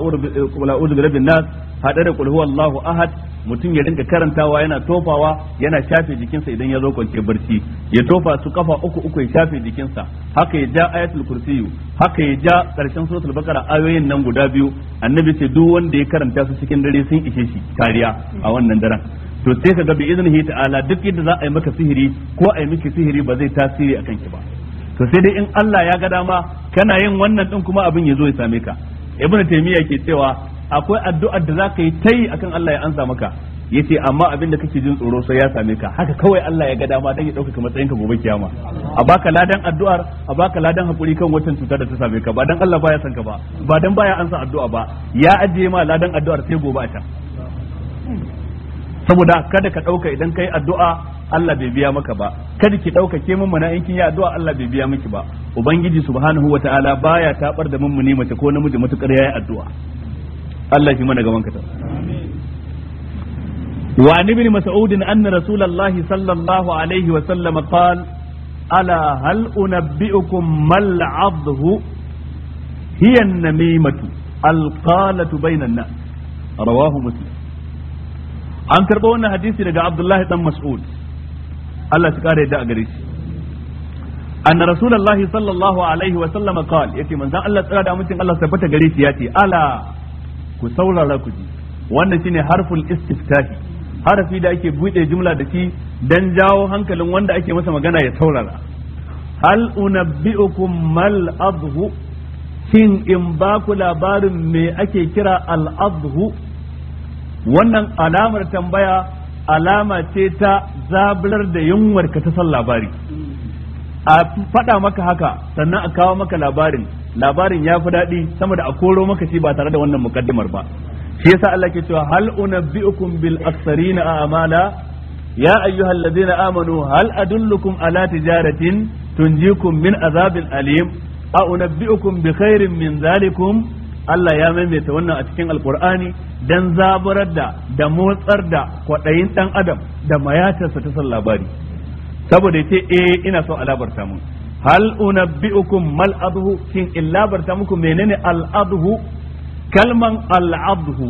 kula uzu birbil nas hada da kul huwallahu ahad mutum ya rinka karantawa yana tofawa yana shafe jikinsa idan ya zo kwance barci ya tofa su kafa uku uku ya shafe jikinsa haka ya ja ayatul kursiyu haka ya ja karshen suratul baqara ayoyin nan guda biyu annabi ce duk wanda ya karanta su cikin dare sun ishe shi kariya a wannan daren to sai ka ga bi iznihi ta'ala duk inda za a yi maka sihiri ko a yi miki sihiri ba zai tasiri akan ki ba to sai dai in Allah ya ga dama kana yin wannan din kuma abin ya zo ya same ka ibnu taymiya ke cewa akwai addu'ar da za ka yi ta akan Allah ya ansa maka yace amma abin da kake jin tsoro sai ya same ka haka kawai Allah ya ga dama dan ya dauka matsayin ka gobe kiyama a baka ladan addu'ar a baka ladan hakuri kan watan cutar da ta same ka ba dan Allah baya san ka ba ba dan baya ansa addu'a ba ya ajiye ma ladan addu'ar sai gobe a can saboda kada ka ɗauka idan ka yi addu'a Allah bai biya maka ba kada ki ɗauka ke mun mana kin yi addu'a Allah bai biya maki ba ubangiji subhanahu wata'ala baya taɓar da mun mace ko namiji mutukar yayi addu'a Allah ya mana gaban ka ta wa an ibn mas'ud anna rasulullahi sallallahu alaihi wa sallam qala ala hal unabbiukum mal hiyan hiya an-namimatu al-qalatu bainan nas rawahu muslim an karɓo wannan hadisi daga abdullahi dan mas'ud Allah shi kare yadda a gare shi anna rasulullahi sallallahu alaihi wa sallama qal yace manzon Allah tsira da amincin Allah tabbata gare shi yace ala ku saurara ku ji wannan shine harful istiftahi harafi da ake buɗe jumla da shi dan jawo hankalin wanda ake masa magana ya saurara hal unabbi'ukum mal adhu shin in ba ku labarin me ake kira al adhu wannan alamar tambaya alama ce ta zaburar da yunwar ka ta san labari a faɗa maka haka sannan a kawo maka labarin labarin ya fi daɗi sama da a koro maka shi ba tare da wannan mukaddimar ba shi yasa Allah ke cewa hal unabbi'ukum bil aksarina a'mala ya ayyuhal ladina amanu hal adullukum ala tijaratin tunjikum min azabil alim a unabbi'ukum bi khairin min zalikum Allah ya maimaita wannan a cikin alkur'ani dan zaburar da da motsar da kwaɗayin ɗan adam da mayatarsa ta son labari saboda ce eh ina so alabarta mun hal unabbi'ukum mal adhu kin in labarta muku menene al adhu kalman al adhu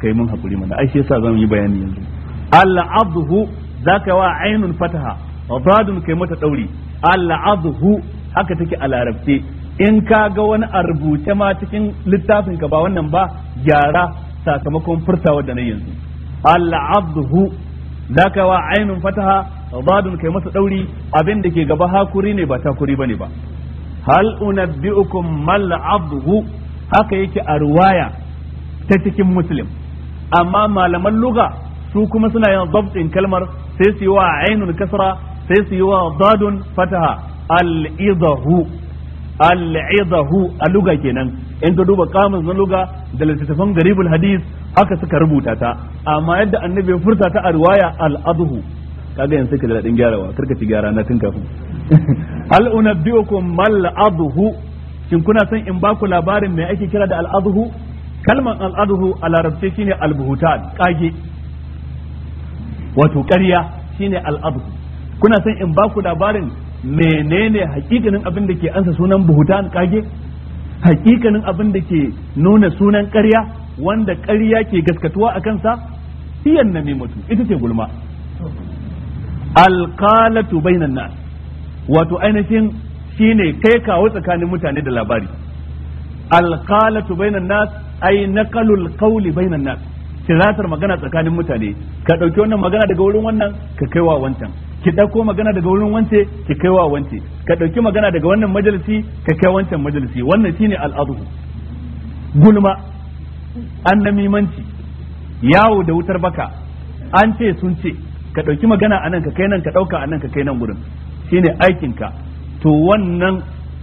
kai mun hakuri mana ai shi yasa zan yi bayani yanzu al adhu zaka wa ainun fataha wa dadun kai mata dauri al adhu haka take a larabce in ka ga wani a rubuce ma cikin littafin ka ba wannan ba gyara sakamakon furtawa da na yanzu al'abduhu zaka wa ainun fataha zadun kai masa dauri abin da ke gaba hakuri ne ba takuri bane ba hal unabbiukum mal abduhu haka yake a ruwaya ta cikin muslim amma malaman luga su kuma suna yin dabtin kalmar sai su yi wa ainun kasra sai su yi wa dadun fataha al idahu al'idahu a luga kenan in ka duba kamus na luga da littattafan garibul hadis haka suka rubuta ta amma yadda annabi ya furta ta a riwaya al'adhu kaga yanzu kake da dadin gyarawa karka ci gyara na tun kafin hal unabbiukum mal adhu shin kuna son in baku labarin me ake kira da al'adhu kalman al'adhu a larabci shine albuhutan kage wato ƙarya shine al'adhu kuna son in baku labarin menene hakikanin abin da ke ansa sunan buhutan kage hakikanin abin da ke nuna sunan ƙarya wanda ƙarya ke gaskatuwa a kansa iyan namimatu ita ce gulma alqalatu bainan nas wato ainihin shine kai kawo tsakanin mutane da labari alqalatu bainan nas ay naqalul qawli bainan nas tiratar magana tsakanin mutane ka ɗauki wannan magana daga wurin wannan ka kaiwa wancan ki ɗauko magana daga wurin wance ki kai wa wance ka ɗauki magana daga wannan majalisi ka kai wancan majalisi wannan shine al'adu gulma manci, yawo da wutar baka an ce sun ce ka ɗauki magana a nan ka kai nan ka ɗauka a nan ka kai nan gurin shine aikinka to wannan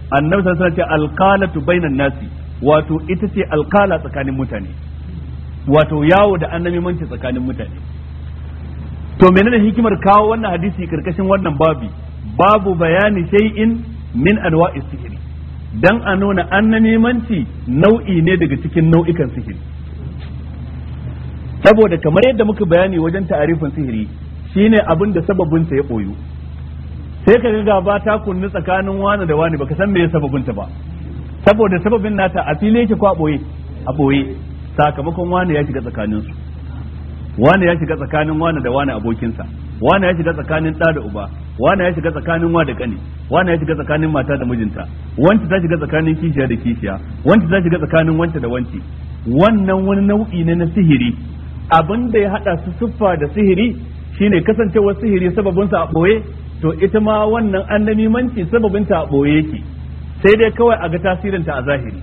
annabi sallallahu alaihi wasallam ce alqalatu bainan nasi wato ita ce alqala tsakanin mutane wato yawo da annabi manci tsakanin mutane to menene hikimar kawo wannan hadisi karkashin wannan babi babu bayani shay'in min anwa'i sihiri dan a nuna nemanci nau'i ne daga cikin nau'ikan sihiri saboda kamar yadda muka bayani wajen ta'arifin sihiri shine abin da sababin sa ya boyu sai ka ga ba ta kunni tsakanin wani da wani baka san me ya sababin ta ba saboda sababin nata a fili yake ko a boye a boye sakamakon wani ya shiga tsakanin su wane ya shiga tsakanin wane da wane abokinsa wane ya shiga tsakanin ɗa da uba wane ya shiga tsakanin wa da ƙani wane ya shiga tsakanin mata da mijinta wancan ta shiga tsakanin kishiya da kishiya wancan ta shiga tsakanin wance da wancan. wannan wani nau'i ne na sihiri abin da ya haɗa su siffa da sihiri shine kasancewar sihiri sababinsa a ɓoye to ita ma wannan annamimanci sababinta a ɓoye yake sai dai kawai a ga tasirinta a zahiri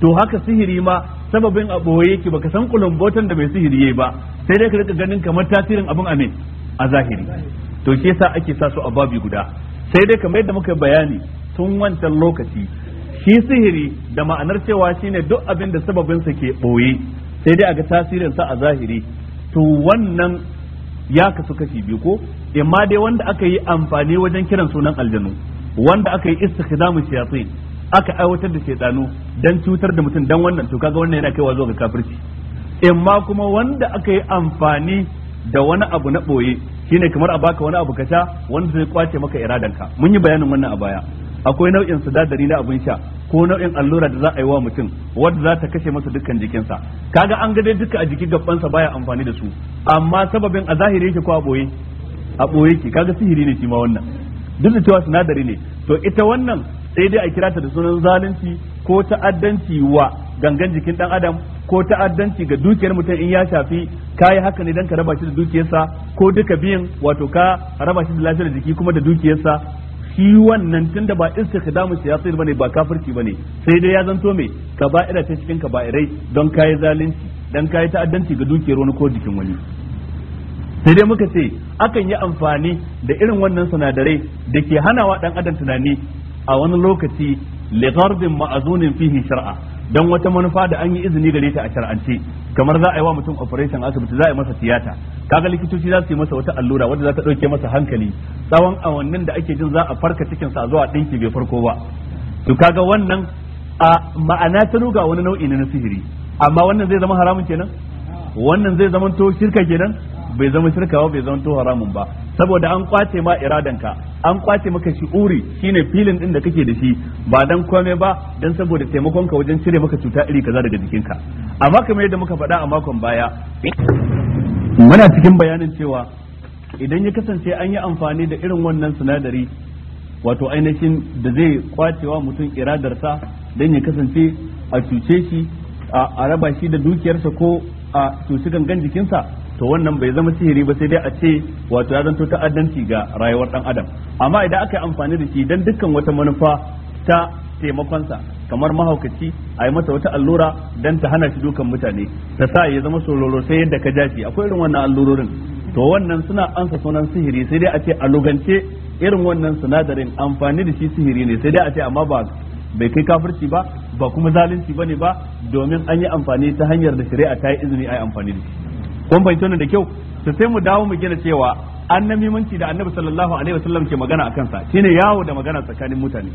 to haka sihiri ma sababin a boye yake baka san kulumbotan da mai sihiri yayi ba sai dai ka rika ganin kamar tasirin abin a a zahiri to shi yasa ake sa su a babi guda sai dai kamar yadda muka bayani tun wancan lokaci shi sihiri da ma'anar cewa shine duk abin da sababin sa ke ɓoye, sai dai a ga tasirin sa a zahiri to wannan ya kasu kashi biyu ko imma dai wanda aka yi amfani wajen kiran sunan aljanu wanda aka yi istikhdamu shayatin aka aiwatar da shaitanu dan cutar da mutum dan wannan to kaga wannan yana kaiwa zuwa ga kafirci imma kuma wanda aka yi amfani da wani abu na boye shine kamar a baka wani abu kasha wanda zai kwace maka iradanka mun yi bayanin wannan a baya akwai nau'in sinadari na abin sha ko nau'in allura da za a yi wa mutum wanda za ta kashe masa dukkan jikinsa kaga an ga duka a jikin gabansa baya amfani da su amma sababin a zahiri yake ko a boye a boye ki kaga sihiri ne shi ma wannan duk da cewa sinadari ne to ita wannan sai dai a kira ta da sunan zalunci ko ta'addanci wa gangan jikin dan adam ko ta'addanci ga dukiyar mutum in ya shafi kai haka ne dan ka raba shi da dukiyarsa ko duka biyan wato ka raba shi da lafiyar jiki kuma da dukiyarsa shi wannan tunda ba istikhdamu siyasi bane ba kafirci bane sai dai ya zanto me kaba'ira ta cikin kaba'irai don kai zalunci dan kai ta'addanci ga dukiyar wani ko jikin wani sai dai muka ce akan yi amfani da irin wannan sinadarai da ke hanawa dan adam tunani a wani lokaci li ma'azunin fihi shar'a don wata manufa da an yi izini gare ta a shar'ance kamar za a yi wa mutum operation asibiti za a yi masa tiyata kaga likitoci za su yi masa wata allura wadda za ta dauke masa hankali tsawon awannin da ake jin za a farka cikin sa zuwa dinki bai farko ba to kaga wannan a ma'ana ta ruga wani nau'i na sihiri amma wannan zai zama haramun kenan wannan zai zama to shirka kenan bai zama shirka ba bai zama to haramun ba saboda an kwace ma iradanka an kwace maka shi uri shine filin din da kake da shi ba dan komai ba dan saboda taimakon ka wajen cire maka cuta iri kaza daga jikinka amma kamar yadda muka faɗa a makon baya muna cikin bayanin cewa idan ya kasance an yi amfani da irin wannan sinadari wato ainihin da zai kwacewa mutum iradarsa dan ya kasance a cuce shi a raba shi da dukiyarsa ko a cuci gangan jikinsa to wannan bai zama sihiri ba sai dai a ce wato ya zanto ta'addanci ga rayuwar dan adam amma idan aka yi amfani da shi dan dukkan wata manufa ta taimakonsa kamar mahaukaci a yi masa wata allura dan ta hana shi dukan mutane ta sa ya zama sororo sai yadda ka jafi akwai irin wannan allurorin to wannan suna ansa sunan sihiri sai dai a ce a lugance irin wannan sinadarin amfani da shi sihiri ne sai dai a ce amma ba bai kai kafirci ba ba kuma zalunci ne ba domin an yi amfani ta hanyar da shari'a ta yi izini a yi amfani da shi kun fahimci wannan da kyau to sai mu dawo mu gina cewa annamimanci da annabi sallallahu alaihi wasallam ke magana akan sa shine yawo da magana tsakanin mutane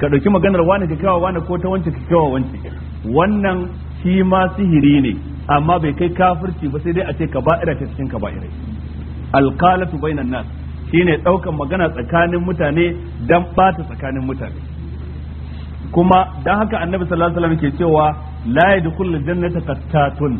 ka dauki maganar wani ka kawo wani ko ta wance ka kawo wance wannan shi ma sihiri ne amma bai kai kafirci ba sai dai a ce ka kaba'ira ta cikin kaba'irai alqalatu bainan nas shine daukan magana tsakanin mutane dan bata tsakanin mutane kuma dan haka annabi sallallahu alaihi wasallam ke cewa la yadkhulul jannata qattatun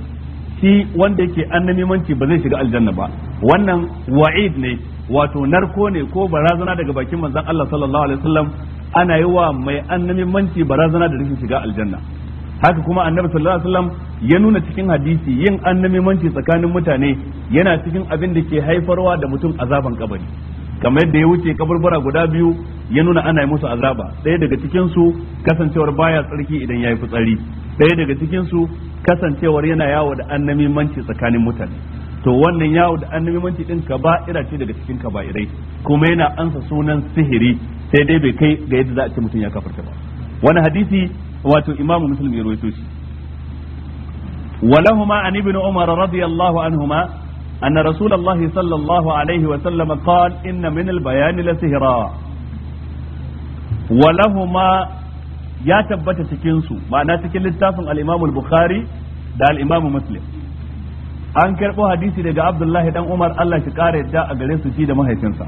shi wanda yake manci ba zai shiga aljanna ba wannan wa'id ne wato narko ne ko barazana daga bakin manzon Allah sallallahu alaihi wasallam ana yi wa mai manci barazana da rashin shiga aljanna haka kuma annabi sallallahu alaihi wasallam ya nuna cikin hadisi yin manci tsakanin mutane yana cikin abin da ke haifarwa da mutum azaban kabari kamar yadda ya wuce kaburbura guda biyu ya nuna ana yi musu azaba ɗaya daga cikinsu kasancewar baya tsarki idan yayi fitsari ɗaya daga cikinsu kasancewar yana yawo da annamimanci tsakanin mutane to wannan yawo da annamimanci din kaba'ira ce daga cikin kaba'irai kuma yana ansa sunan sihiri sai dai bai kai ga yadda za a ce mutum ya kafarta ba wani hadisi wato imamu muslim ya rawaito shi ولهما عن ابن عمر رضي الله عنهما أن رسول الله صلى الله عليه وسلم قال إن من البيان walahuma ya tabbata cikinsu, ma'ana cikin littafin al-Imam al-Bukhari da al Muslim an karɓo hadisi daga Abdullahi dan Umar Allah shi kare yadda a gare su shi da mahaifinsa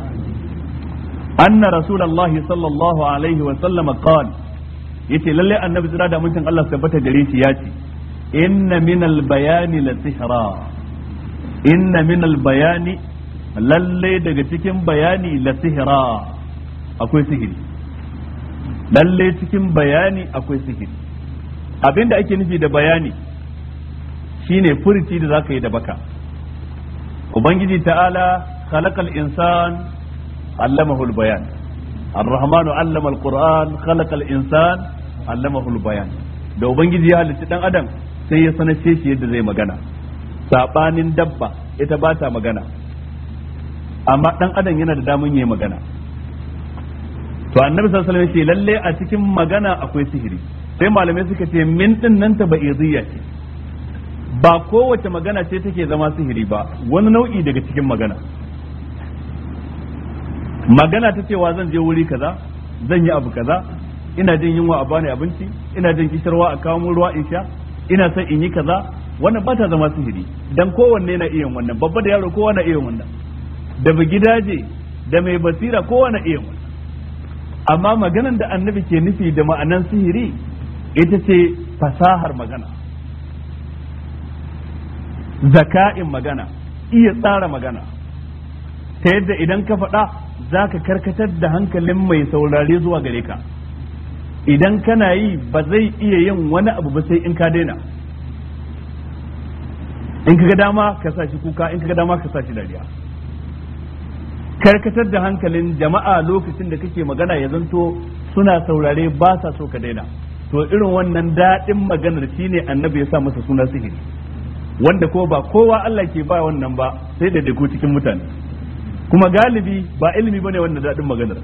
anna rasulullahi sallallahu alaihi wa sallam qala yace lalle annabi tsira da mutum Allah tabbata gare shi yace inna min al-bayani la sihra inna min al-bayani lalle daga cikin bayani la sihra akwai sihiri lalle cikin bayani akwai sihiri abinda ake nufi da bayani shine furici da zaka yi da baka ubangiji ta'ala khalaqal insan allamahu albayan الرحمن علم القرآن خلق الإنسان علمه البيان da ubangiji ya halitta dan adam sai ya sanace shi yadda zai magana sabanin dabba ita ba ta magana amma dan adam yana da damun yi magana to annabi sallallahu alaihi wasallam lalle a cikin magana akwai sihiri sai malamai suka ce min din nan ta ba'idiyya ce ba kowace magana ce take zama sihiri ba wani nau'i daga cikin magana magana ta cewa zan je wuri kaza zan yi abu kaza ina jin yunwa a bani abinci ina jin kishirwa a kawo ruwa in sha ina son in yi kaza wannan ba ta zama sihiri dan kowanne na iya wannan babba da yaro kowa na iya wannan da bigidaje da mai basira kowa na iya wannan amma maganan da annabi ke nufi da ma'anan sihiri ita ce fasahar magana zaka'in magana iya tsara magana ta yadda idan ka faɗa za ka karkatar da hankalin mai saurare zuwa gare ka idan kana yi ba zai iya yin wani abu ba sai in ka daina in ka ga dama ka sa shi kuka in ka ga dama ka sa shi dariya karkatar da hankalin jama'a lokacin da kake magana ya zanto suna saurare ba sa so ka daina to irin wannan daɗin maganar shi ne annabi ya sa masa suna sihiri wanda ko ba kowa Allah ke ba wannan ba sai da ko cikin mutane kuma galibi ba ilimi ba ne wannan daɗin maganar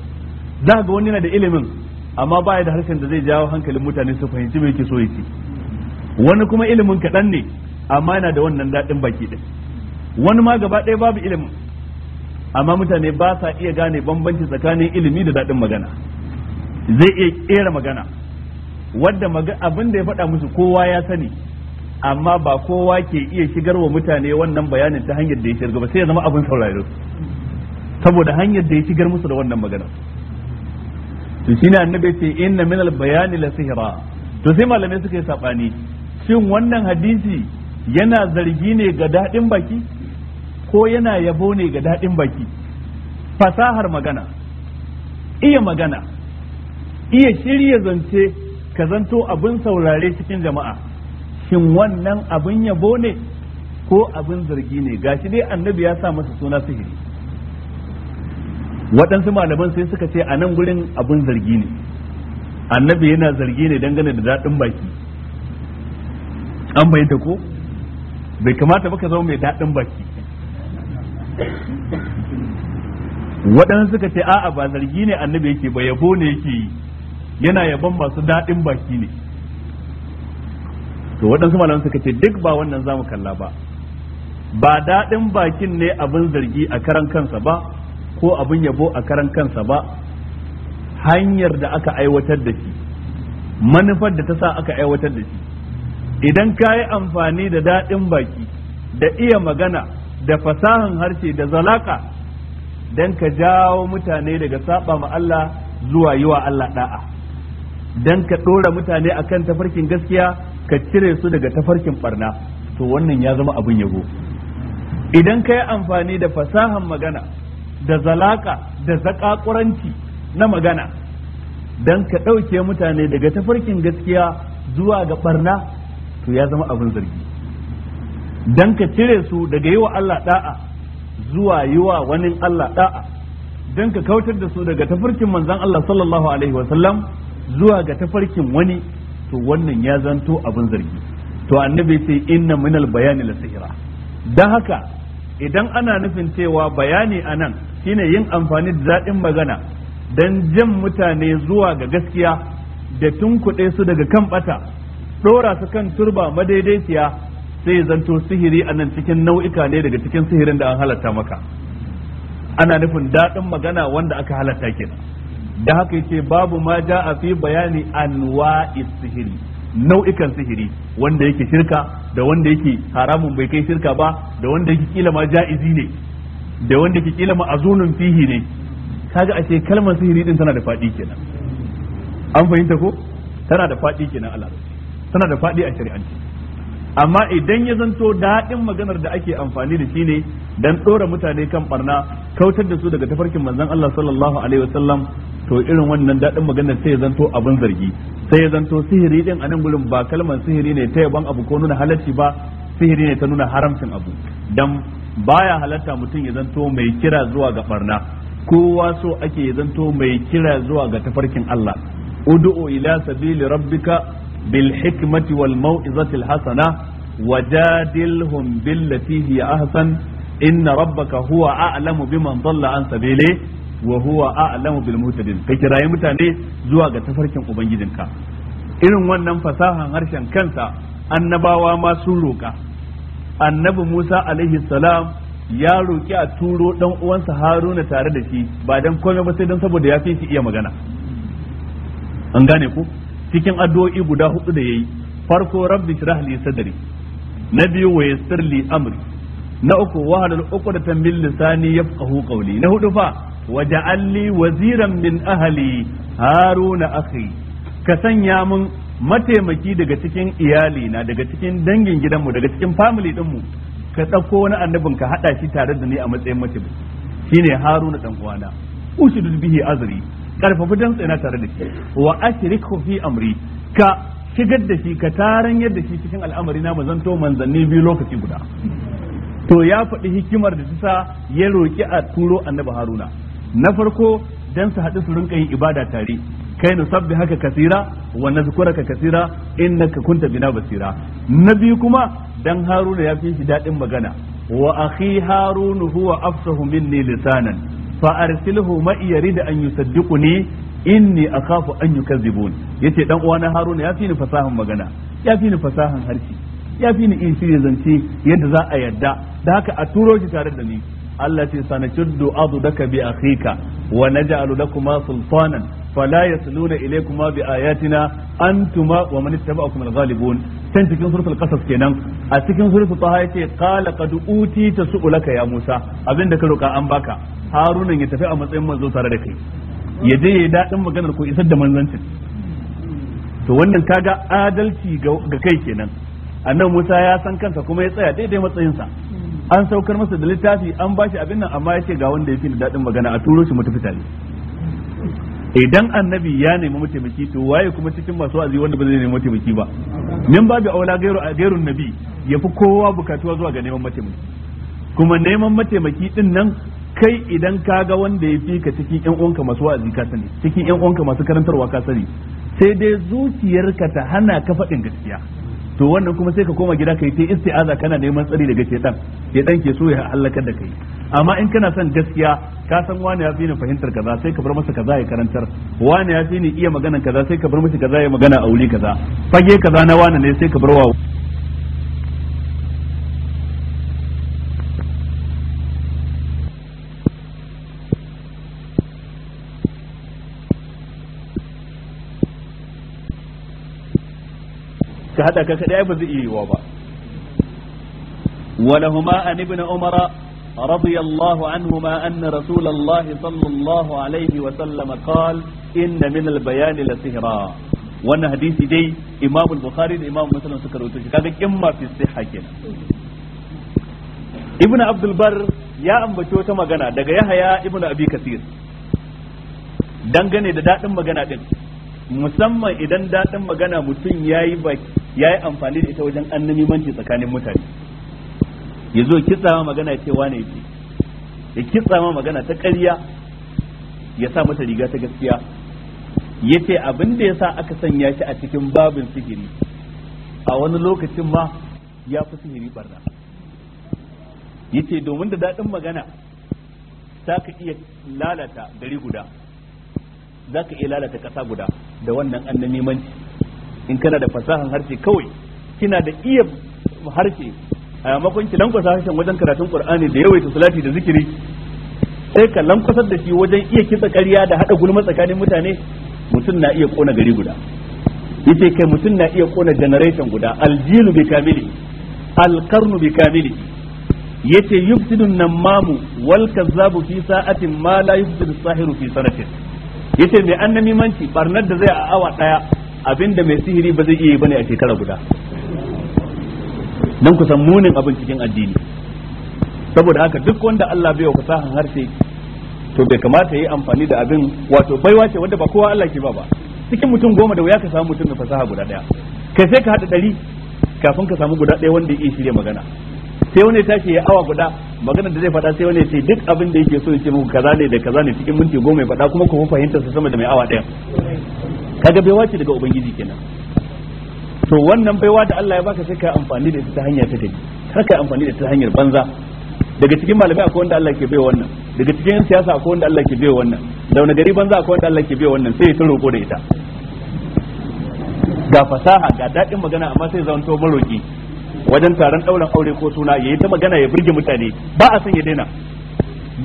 za ga wani yana da ilimin amma baya da harshen da zai jawo hankalin mutane su fahimci me yake so yake wani kuma ilimin kaɗan ne amma yana da wannan daɗin baki ɗin wani ma gaba ɗaya babu ilimin amma mutane ba sa iya gane bambanci tsakanin ilimi da daɗin magana zai iya kera magana wadda abin da ya faɗa musu kowa ya sani amma ba kowa ke iya shigar wa mutane wannan bayanin ta hanyar da ya shirga ba sai ya zama abin saurare saboda hanyar da ya shigar musu da wannan magana to ne annabi ce inna min al bayani la sihra to sai malamai suka yi sabani shin wannan hadisi yana zargi ne ga daɗin baki ko yana yabo ne ga daɗin baki fasahar magana iya magana iya shirya zance ka zanto abin saurare cikin jama'a shin wannan abin yabo ne ko abin zargi ne gashi dai annabi ya sa masa suna sihiri waɗansu malaman sai suka ce a nan gurin abin zargi ne annabi yana zargi ne dangane da daɗin baki an bayyanta ko bai kamata ba ka zama mai daɗin baki waɗansu suka ce a'a ba zargi ne annabi yake ba yabo ne yake yi yana yabon masu daɗin baki ne to waɗansu malamai suka ce duk ba wannan zamu kalla ba ba daɗin bakin ne abin zargi a karan kansa ba ko abin yabo a karan kansa ba hanyar da aka aiwatar da shi manufar da ta sa aka aiwatar da shi idan ka yi amfani da daɗin baki da iya magana da fasahan harshe da zalaka dan ka jawo mutane daga saba ma Allah zuwa yi wa Allah da'a dan ka ɗora mutane akan tafarkin gaskiya ka cire su daga tafarkin barna to wannan ya zama abin yabo idan ka yi amfani da fasahan magana da zalaka da zakakuranci na magana don ka ɗauke mutane daga tafarkin gaskiya zuwa ga barna to ya zama abin zargi dan ka cire su daga yiwa wa Allah da'a zuwa yi wani Allah da'a dan ka kautar da su daga tafarkin manzon Allah sallallahu alaihi wasallam zuwa ga tafarkin wani to wannan ya zanto abin zargi to annabi sai inna minal bayani la sihira dan haka idan ana nufin cewa bayani anan shine yin amfani da zaɗin magana dan jan mutane zuwa ga gaskiya da tunkuɗe su daga kan ɓata, ɗora su kan turba madaidaiciya sai zanto sihiri a nan cikin nau'ika ne daga cikin sihirin da an halatta maka ana nufin daɗin magana wanda aka halatta ke da haka yake babu ma a fi bayani anwa'i sihiri nau'ikan sihiri wanda yake shirka da wanda yake haramun bai kai shirka ba da wanda yake kila ma ja'izi ne da wanda yake kila ma azunun fihi ne kaga ce kalmar sihiri din tana da faɗi kenan an fahimta ko tana da faɗi kenan a tana da faɗi a shari'anci amma idan ya zanto daɗin maganar da ake amfani da shi ne dan ɗora mutane kan ɓarna kautar da su daga tafarkin manzon Allah sallallahu alaihi wasallam to irin wannan daɗin maganar sai ya zanto abin zargi sai ya zanto sihiri din a nan gurin ba kalmar sihiri ne ta yaban abu ko nuna halarci ba sihiri ne ta nuna haramcin abu dan baya halarta mutum ya zanto mai kira zuwa ga barna kowa so ake ya zanto mai kira zuwa ga tafarkin Allah ud'u ila sabili rabbika bil hikmati wal mau'izati al hasana wajadilhum billati hiya ahsan inna rabbaka huwa a'lamu biman dalla an sabili wa huwa a'lamu bil muhtadin ka kirayi mutane zuwa ga tafarkin ubangijinka irin wannan fasahan harshen kansa annabawa ma sun roƙa annabi Musa alaihi salam ya roƙi a turo ɗan uwansa Haruna tare da shi ba dan komai ba sai dan saboda ya fi shi iya magana an gane ku cikin addu'o'i guda hudu da yayi farko rabbi shrah li sadri na biyu wa yassir li amri na uku wa halal uqdatan min lisani yafqahu qawli na hudu fa waja'al li waziran min ahli haruna akhi ka sanya mun mataimaki daga cikin iyali na daga cikin dangin gidanmu daga cikin family dinmu ka dauko wani annabin ka haɗa shi tare da ni a matsayin mataimaki shine haruna dan uwana ushidu bihi azri karfafi tsaye na tare da shi wa ashriku fi amri ka shigar da shi ka taran yadda shi cikin al'amari na mazanto manzanni biyu lokaci guda to ya faɗi hikimar da ta ya roƙi a turo annabi haruna na farko dan su haɗu su rinka yin ibada tare kai nu sabbi haka kasira wa nazkuraka kasira innaka kunta bina basira na biyu kuma dan haruna ya fi shi daɗin magana wa akhi harunu huwa afsahu minni lisanan Fa'ar silhu fa arsilhu ma yarid an yusaddiquni inni akhafu an zibun yace dan na haruna ya fini fasahan magana ya fi ni fasahan harshe ya fi ni zance yadda za a yadda da haka a turo shi tare da ni Allah ce sanashuddu adu daka bi akhika wa naj'alu lakuma sultanan fala yasluna ilaykum bi ayatina antuma wa man ittaba'akum al cikin suratul qasas kenan a cikin suratul taha yace qala qad utita su'ulaka ya musa abinda ka roka an baka Haruna ya tafi a matsayin manzo tare da kai ya je ya dadin maganar ko isar da manzancin to wannan kaga adalci ga kai kenan annabi musa ya san kansa kuma ya tsaya daidai matsayinsa an saukar masa da littafi an bashi abin nan amma ya ce ga wanda ya fi da daɗin magana a turo shi mu tafi idan annabi ya nemi mataimaki to waye kuma cikin masu azi wanda ba zai nemi mataimaki ba min babu aula gairu gairun nabi yafi kowa bukatuwa zuwa ga neman mataimaki kuma neman mataimaki din nan kai idan ka ga wanda ya ka cikin yan uwanka masu wa'azi ka sani cikin yan uwanka masu karantarwa ka sani sai dai zuciyarka ta hana ka faɗin gaskiya to wannan kuma sai ka koma gida kai ta isti'aza kana neman tsari daga shedan shedan ke so ya hallakar da kai amma in kana son gaskiya ka san wani ya fi ni fahimtar kaza sai ka bar masa kaza ya karantar wani ya fi ni iya magana kaza sai ka bar masa kaza ya magana a wuri kaza fage kaza na wani ne sai ka bar wa ka hada ka kadai ba zai yi wa ba ولهما عن ابن عمر رضي الله عنهما أن رسول الله صلى الله عليه وسلم قال إن من البيان لسهرا وانا حديث دي إمام البخاري إمام مسلم سكر وتشكاك إما في الصحة كنا ابن عبد البر يا أم بشوة مغانا دقا يا ابن أبي كثير dangane da daɗin magana ɗin musamman idan daɗin magana mutum ya yi amfani da ita wajen annabi manci tsakanin mutane ya zo ma magana ya ce wane yake ya ma magana ta ƙarya ya sa mata riga ta gaskiya ya ce abin da ya sa aka sanya shi a cikin babin sihiri a wani lokacin ma ya fi sihiri barna ya ce domin da daɗin magana za ka iya lalata gari guda za ka iya lalata ƙasa guda da wannan an neman in kana da fasahan harshe kawai kina da iya harshe a yamakon ki lankwasa harshen wajen karatun qur'ani da yawaita salati da zikiri sai ka lankwasar da shi wajen iya kitsa ƙarya da haɗa gulma tsakanin mutane mutum na iya kona gari guda yace kai mutum na iya kona generation guda aljilu bi kamili alqarnu bi kamili yace nan namamu wal kazzabu fi sa'atin ma la yufsidu sahiru fi sanatin yace mai annami manci barnar da zai a awa daya abinda mai sihiri ba zai iya yi bane a shekara guda don ku san munin abin cikin addini saboda haka duk wanda Allah bai wa fasahan harshe to bai kamata yi amfani da abin wato baiwa ce wanda ba kowa Allah ke ba ba cikin mutum goma da wuya ka samu mutum da fasaha guda daya kai sai ka hada dari kafin ka samu guda daya wanda ya shirya magana sai wani tashi ya awa guda magana da zai faɗa sai wani ya ce duk abin da yake so ya ce muku kaza ne da kaza ne cikin minti goma ya faɗa kuma ku fahimta su sama da mai awa daya kaga bai wace daga ubangiji kenan to wannan baiwa da Allah ya baka sai kai amfani da ita ta hanya ta dai kar ka amfani da ita ta hanyar banza daga cikin malamai akwai wanda Allah ke baiwa wannan daga cikin siyasa akwai wanda Allah ke baiwa wannan da wani gari banza akwai wanda Allah ke baiwa wannan sai ya ta roƙo da ita ga fasaha ga daɗin magana amma sai zanto maroki wajen taron ɗaurin aure ko suna ya yi ta magana ya burge mutane ba a son ya daina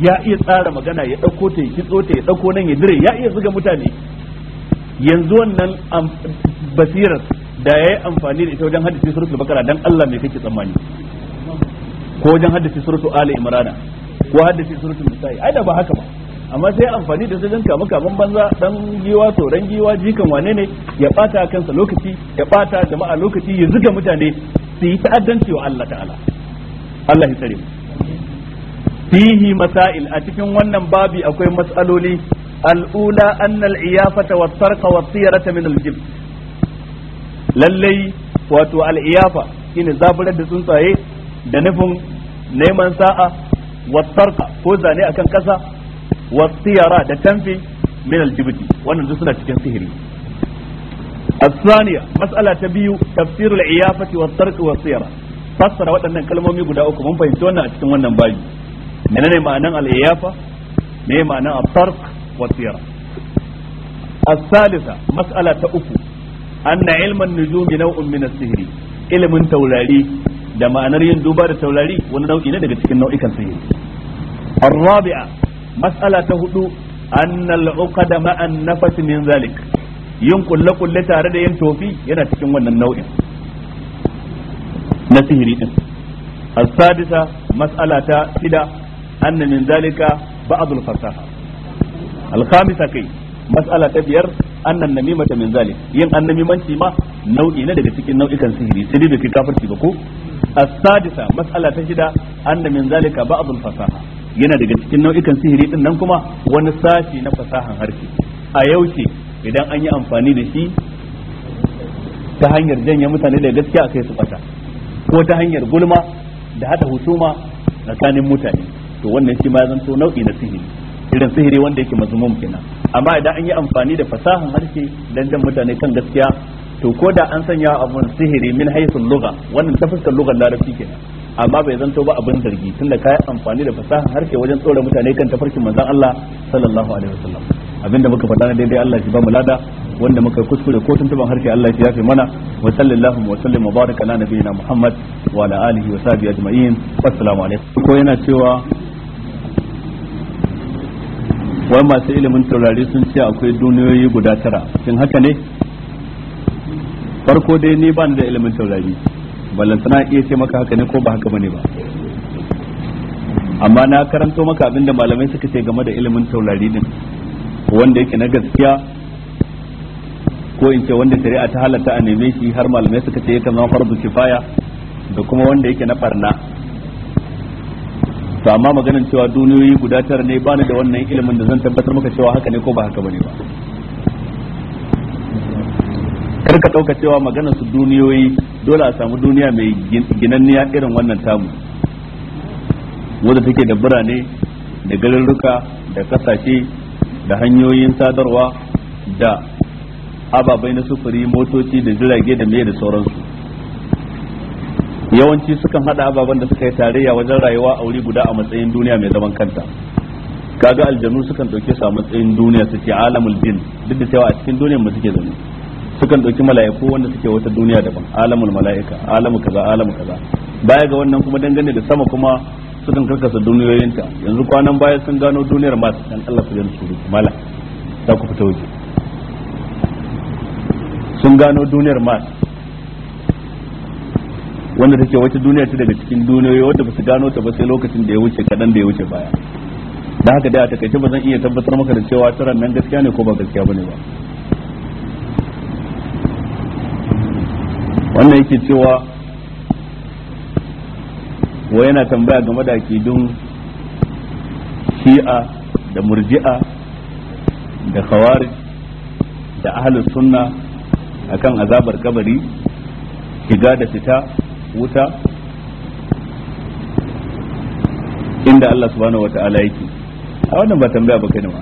ya iya tsara magana ya ɗauko ta ya kitso ta ya ɗauko nan ya dire ya iya zuga mutane yanzu wannan basirar da ya yi amfani da ita wajen haddace suratul bakara dan Allah mai kake tsammani ko wajen haddace suratul ali imran ko haddace suratul nisa'i ai da ba haka ba amma sai amfani da sajin kama kaman banza dan giwa to dan giwa jikan wane ne ya bata kansa lokaci ya bata jama'a lokaci ya zuga mutane su yi ta'addanci wa Allah ta'ala Allah ya tsare fihi masail a cikin wannan babi akwai mas'aloli al'ula anna al-iyafata was-sarqa was-siyarata min al lallai wato al'iyafa shi ne zaburar da tsuntsaye da nufin neman sa'a wasarka ko zane akan kasa wasiyara da tamfi min aljibiti wannan duk suna cikin sihiri الثانية مسألة تبيو تفسير العيافة والترك والسيرة fassara waɗannan kalmomi guda uku mun fahimci wannan a cikin wannan bayi menene ma'anan al-iyafa me ma'anan a tark wa sira as-salisa mas'ala ta uku anna ilman nujumi nau'un min as-sihri ilmin taurari da ma'anar yin duba da taurari wani nau'i ne daga cikin nau'ikan sihiri mas'ala ta huɗu أن العقد مع النفس من ذلك yin kulle-kulle tare da yin tofi yana cikin wannan nau'in na sihiri din as-sadisa mas'ala ta shida anna min zalika ba'd al-fasaha al-khamisa kai mas'ala ta biyar annan ta min zalik yin annamimanci ma nau'i ne daga cikin nau'ikan sihiri sai dai kafirci ba ko as-sadisa mas'ala ta shida anna min zalika ba'dul fasaha yana daga cikin nau'ikan sihiri din nan kuma wani sashi na fasahan harshe a yau ce idan an yi amfani da shi ta hanyar janye mutane da gaskiya akai su bata ko ta hanyar gulma da hada husuma tsakanin mutane to wannan shi ma zanto nau'i na sihiri irin sihiri wanda yake mazmum kenan amma idan an yi amfani da fasahan harshe dan dan mutane kan gaskiya to ko da an sanya abun sihiri min haythul lugha wannan ta fuskar lugar larabci kenan amma bai zanto ba abin zargi tunda kai amfani da fasahan harshe wajen tsora mutane kan tafarkin manzon Allah sallallahu alaihi wasallam abinda muka faɗa na daidai Allah ya ba mu lada wanda muka kuskure ko tuntuban harshe Allah ya yafe mana wa sallallahu wa sallim mubaraka ala nabiyina Muhammad wa ala alihi wa sahbihi ajma'in assalamu alaikum ko yana cewa wai masu ilimin taurari sun ce akwai duniyoyi guda tara shin haka ne farko dai ni ba da ilimin taurari ballantana iya ce maka haka ne ko ba haka bane ba amma na karanto maka abin da malamai suka ce game da ilimin taurari din wanda yake na gaskiya ko in ce wanda shari'a ta halatta a neme shi har malamai suka ce yakan zama fardu kifaya da kuma wanda yake na barna to amma maganin cewa duniyoyi guda tara ne bani da wannan ilimin da zan tabbatar maka cewa haka ne ko ba haka bane ba kar ka dauka cewa maganar su duniyoyi dole a samu duniya mai ginanniya irin wannan tamu wanda take da birane da garuruka da kasashe da hanyoyin sadarwa da ababai na sufuri motoci da jirage da meye da sauransu yawanci sukan hada ababen da suka yi tarayya wajen rayuwa a wuri guda a matsayin duniya mai zaman kanta kaga aljanu sukan dauke su a matsayin duniya su ce alamul jin duk da cewa a cikin duniyar mu suke zaune sukan dauki mala'iku wanda suke wata duniya daban alamul mala'ika alamu kaza alamu kaza baya ga wannan kuma dangane da sama kuma sukan karkasa duniyoyinta yanzu kwanan baya sun gano duniyar su dan Allah su jin su mala ta ku fita waje sun gano duniyar ma wanda take wata duniya ce daga cikin duniyoyi wanda ba su gano ta ba sai lokacin da ya wuce kadan da ya wuce baya da haka dai a takaice ba zan iya tabbatar maka da cewa taran nan gaskiya ne ko ba gaskiya bane ba wannan yake cewa wa yana tambaya game da akidun shi'a da murji'a da khawari da ahlus sunna akan azabar kabari shiga da fita wuta inda Allah subhanahu wata'ala yake a wannan ba tambaya ba kai ne ma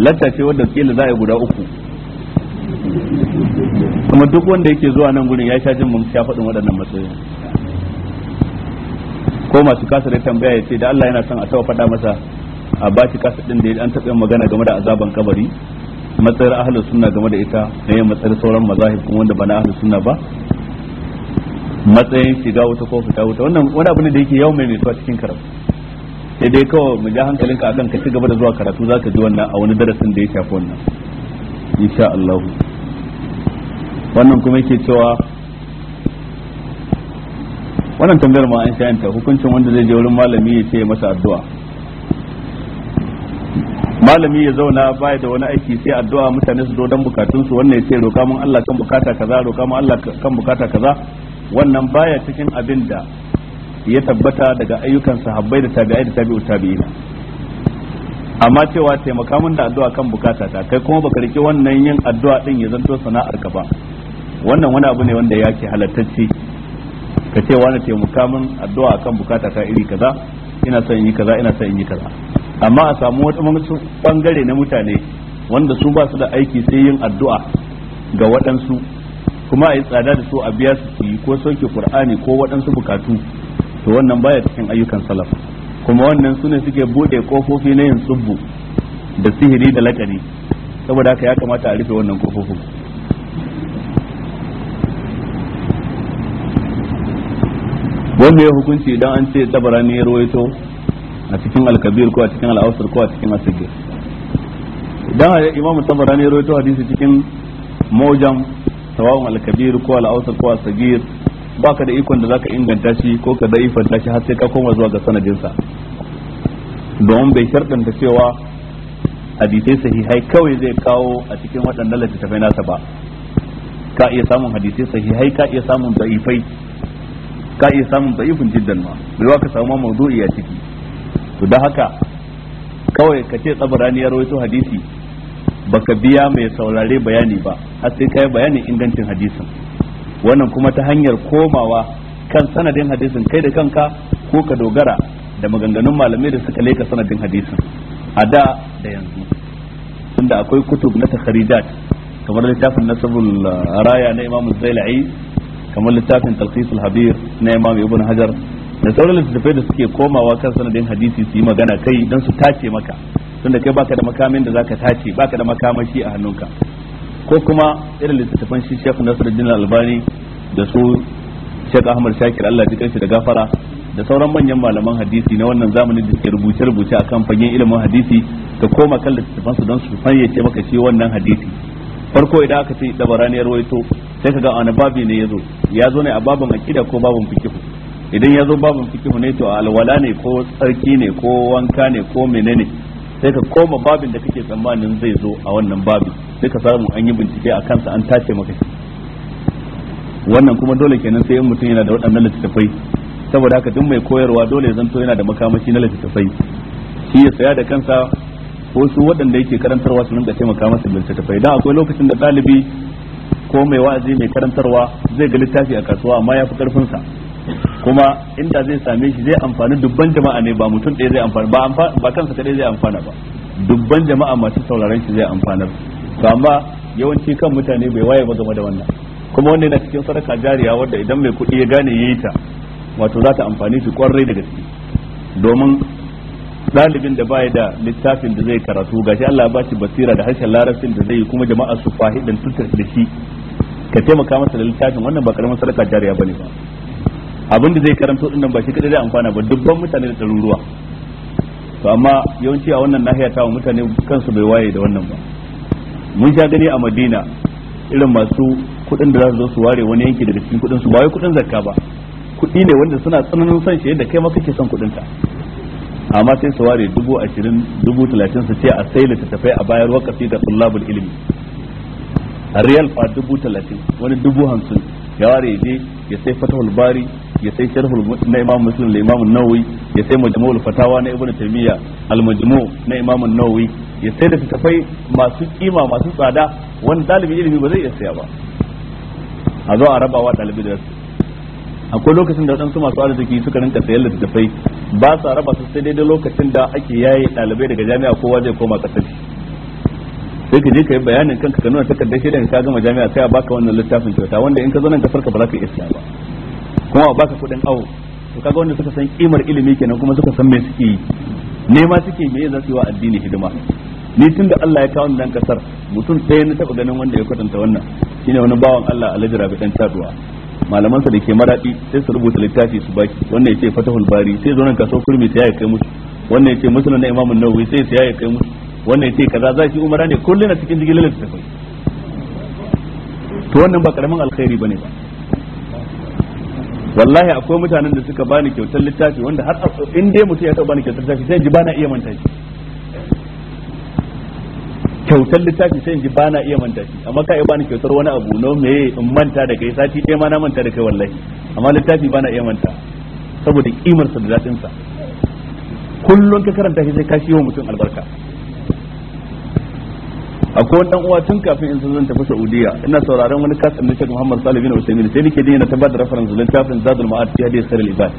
latta ce wanda kila za a yi guda uku kuma duk wanda yake zuwa nan gurin ya sha mun sha faɗin waɗannan matsayin ko masu kasa da tambaya ya ce da Allah yana son a tawa faɗa masa a bashi kasa din da an taɓa magana game da azaban kabari matsayar ahlus sunna game da ita na yin matsayar sauran mazahib kuma wanda ba na ahlus sunna ba matsayin shiga wuta ko fita wuta wannan wani abu ne da yake yau mai mutuwa cikin karatu sai dai kawai mu ja hankalinka akan ka ci gaba da zuwa karatu zaka ji wannan a wani darasin da ya shafi wannan insha Allah wannan kuma yake cewa wannan tambayar ma an shayanta hukuncin wanda zai je wurin malami ya ce masa addu'a malami ya zauna baya da wani aiki sai addu'a mutane su zo don bukatunsu wannan ya ce roka mun Allah kan bukata kaza roka mun Allah kan bukata kaza wannan baya cikin abin da ya tabbata daga ayyukan sahabbai da tabi'ai da tabi'u tabi'ina amma cewa taimaka da addu'a kan bukata ta kai kuma baka rike wannan yin addu'a din ya zanto sana'ar ka ba wannan wani abu ne wanda yake halattacce ka ce wani taimaka min addu'a kan bukata ta iri kaza ina son yi kaza ina son yi kaza amma a samu wata bangare na mutane wanda su ba su da aiki sai yin addu'a ga waɗansu kuma a yi tsada da su a biya su yi ko sauke qur'ani ko waɗansu bukatu to wannan baya cikin ayyukan salaf kuma wannan sune suke bude kofofi na yin tsubbu da sihiri da lakani saboda haka ya kamata a rufe wannan kofofin wanda ya hukunci idan an ce tabara ne ya rawaito a cikin alkabir ko a cikin al'ausar ko a cikin asigir idan imamu tabara ne ya rawaito hadisi cikin mojam sawa'un alkabir ko al ko asagir baka da ikon da zaka inganta shi ko ka daifanta shi har sai ka koma zuwa ga sanadinsa domin bai sharɗanta cewa hadisai sahihai kawai zai kawo a cikin waɗannan littattafai nasa ba ka iya samun hadisai sahihai ka iya samun da'ifai ka iya samun da'ifin jiddan ma bai ka samu mawdu'i a ciki to da haka kawai ka ce tsabarani ya rawaito hadisi baka biya mai saurare bayani ba har sai kai bayanin ingancin hadisin wannan kuma ta hanyar komawa kan sanadin hadisin kai da kanka ko ka dogara da maganganun malamai da suka leka sanadin hadisin a da da yanzu tunda akwai kutub na takharijat kamar littafin nasabul ah, raya na imam zailai kamar littafin talqisul habir na imam ibn hajar da sauran littattafai da suke komawa kan sanadin hadisi su yi magana kai don su tace maka tunda kai baka da makamin da zaka tace baka da makamashi a hannunka ko kuma irin littattafan shi Sheikh Nasiruddin Albani da su Sheikh Ahmad Shakir Allah ya shi da gafara da sauran manyan malaman hadisi na wannan zamanin da suke rubuce rubuce akan fagen ilimin hadisi ka koma kan littattafan su don su fayyace maka shi wannan hadisi farko idan aka ce barani ya rawaito sai kaga wani babi ne yazo ya zo ne a babin akida ko babin fikihu idan ya zo babin fikihu ne to alwala ne ko tsarki ne ko wanka ne ko menene sai ka koma babin da kake tsammanin zai zo a wannan babin sai ka samu an yi bincike a kansa an tace maka shi wannan kuma dole kenan sai mutum yana da waɗannan littattafai saboda haka duk mai koyarwa dole ya zanto yana da makamashi na littattafai shi ya saya da kansa ko su waɗanda yake karantarwa su rinka taimaka masa da littattafai dan akwai lokacin da ɗalibi ko mai wa'azi mai karantarwa zai ga littafi a kasuwa amma ya fi karfin sa kuma inda zai same shi zai amfani dubban jama'a ne ba mutum ɗaya zai amfana ba kansa kaɗai zai amfana ba dubban jama'a masu sauraron shi zai amfanar to amma yawanci kan mutane bai waye ba game da wannan kuma wannan yana cikin sadaka jariya wadda idan mai kuɗi ya gane yayi ta wato za ta amfani shi kwarai da gaske domin ɗalibin da baya da littafin da zai karatu gashi Allah ba shi basira da harshen larabcin da zai yi kuma jama'a su fahidin tutar da shi ka taimaka masa da littafin wannan ba karamin sadaka jariya bane ba abinda zai karanto din nan ba shi kadai zai amfana ba dubban mutane da ɗaruruwa to amma yawanci a wannan nahiya ta mutane kansu bai waye da wannan ba mun sha gani a madina irin masu kuɗin da za su zo su ware wani yanki daga cikin kuɗin su ba wai kuɗin zakka ba kuɗi ne wanda suna tsananin son shi yadda kai ma kake son kuɗin ka amma sai su ware dubu ashirin dubu talatin su ce a sai tafai a bayar wakafi ga tsullabul ilimi a riyal fa dubu talatin wani dubu hamsin ya ware je ya sai fatahul bari ya sai sharhul na imam muslim da imam nawawi ya sai majmu'ul fatawa na ibnu taymiya al majmu' na imam nawawi ya sai da tafai masu kima masu tsada wanda dalibin ilimi ba zai iya saya ba a zo a rabawa dalibi da akwai lokacin da waɗansu masu arziki suka rinka sayar da tafai ba su raba su sai daidai lokacin da ake yaye dalibai daga jami'a kowa zai koma ƙasar sai ka je ka yi bayanin kanka ka nuna takardar shaidar ka gama jami'a sai a baka wannan littafin kyauta wanda in ka zo nan kasar ka ba za ka iya saya ba kuma ba ka kudin awo to kaga wanda suka san kimar ilimi kenan kuma suka san me suke yi nema suke me za su yi wa addini hidima ni tun da Allah ya kawo nan kasar mutum sai na taba ganin wanda ya kwatanta wannan shine wani bawan Allah Alhaji Rabi dan Taduwa malamansa da ke maradi sai su rubuta littafi su baki wanda yake Fatahul Bari sai zo nan kaso kurmi sai ya kai musu wanda yake musulun na Imam Nawawi sai sai ya kai musu wanda yake kaza za shi umara ne kullun na cikin jigilar littafi to wannan ba karamin alkhairi bane ba wallahi akwai mutanen da suka bani kyautar littafi wanda har in dai mutum ya taɓa bani kyautar littafi sai ji bana iya manta shi kyautar littafi sai ji bana iya manta shi amma ka iya bani kyautar wani abu no me in manta da kai sati ɗaya ma na manta da kai wallahi amma littafi bana iya manta saboda kimar sa da daɗin sa kullun ka karanta shi sai ka shi wa mutum albarka akwai wani dan uwa tun kafin in sun tafi Saudiya ina sauraron wani kasan da Sheikh Muhammad salihu bin Usaimin sai nake dina ta bada reference da tafin Zadul Ma'ad fi hadith Sirr al-Ibad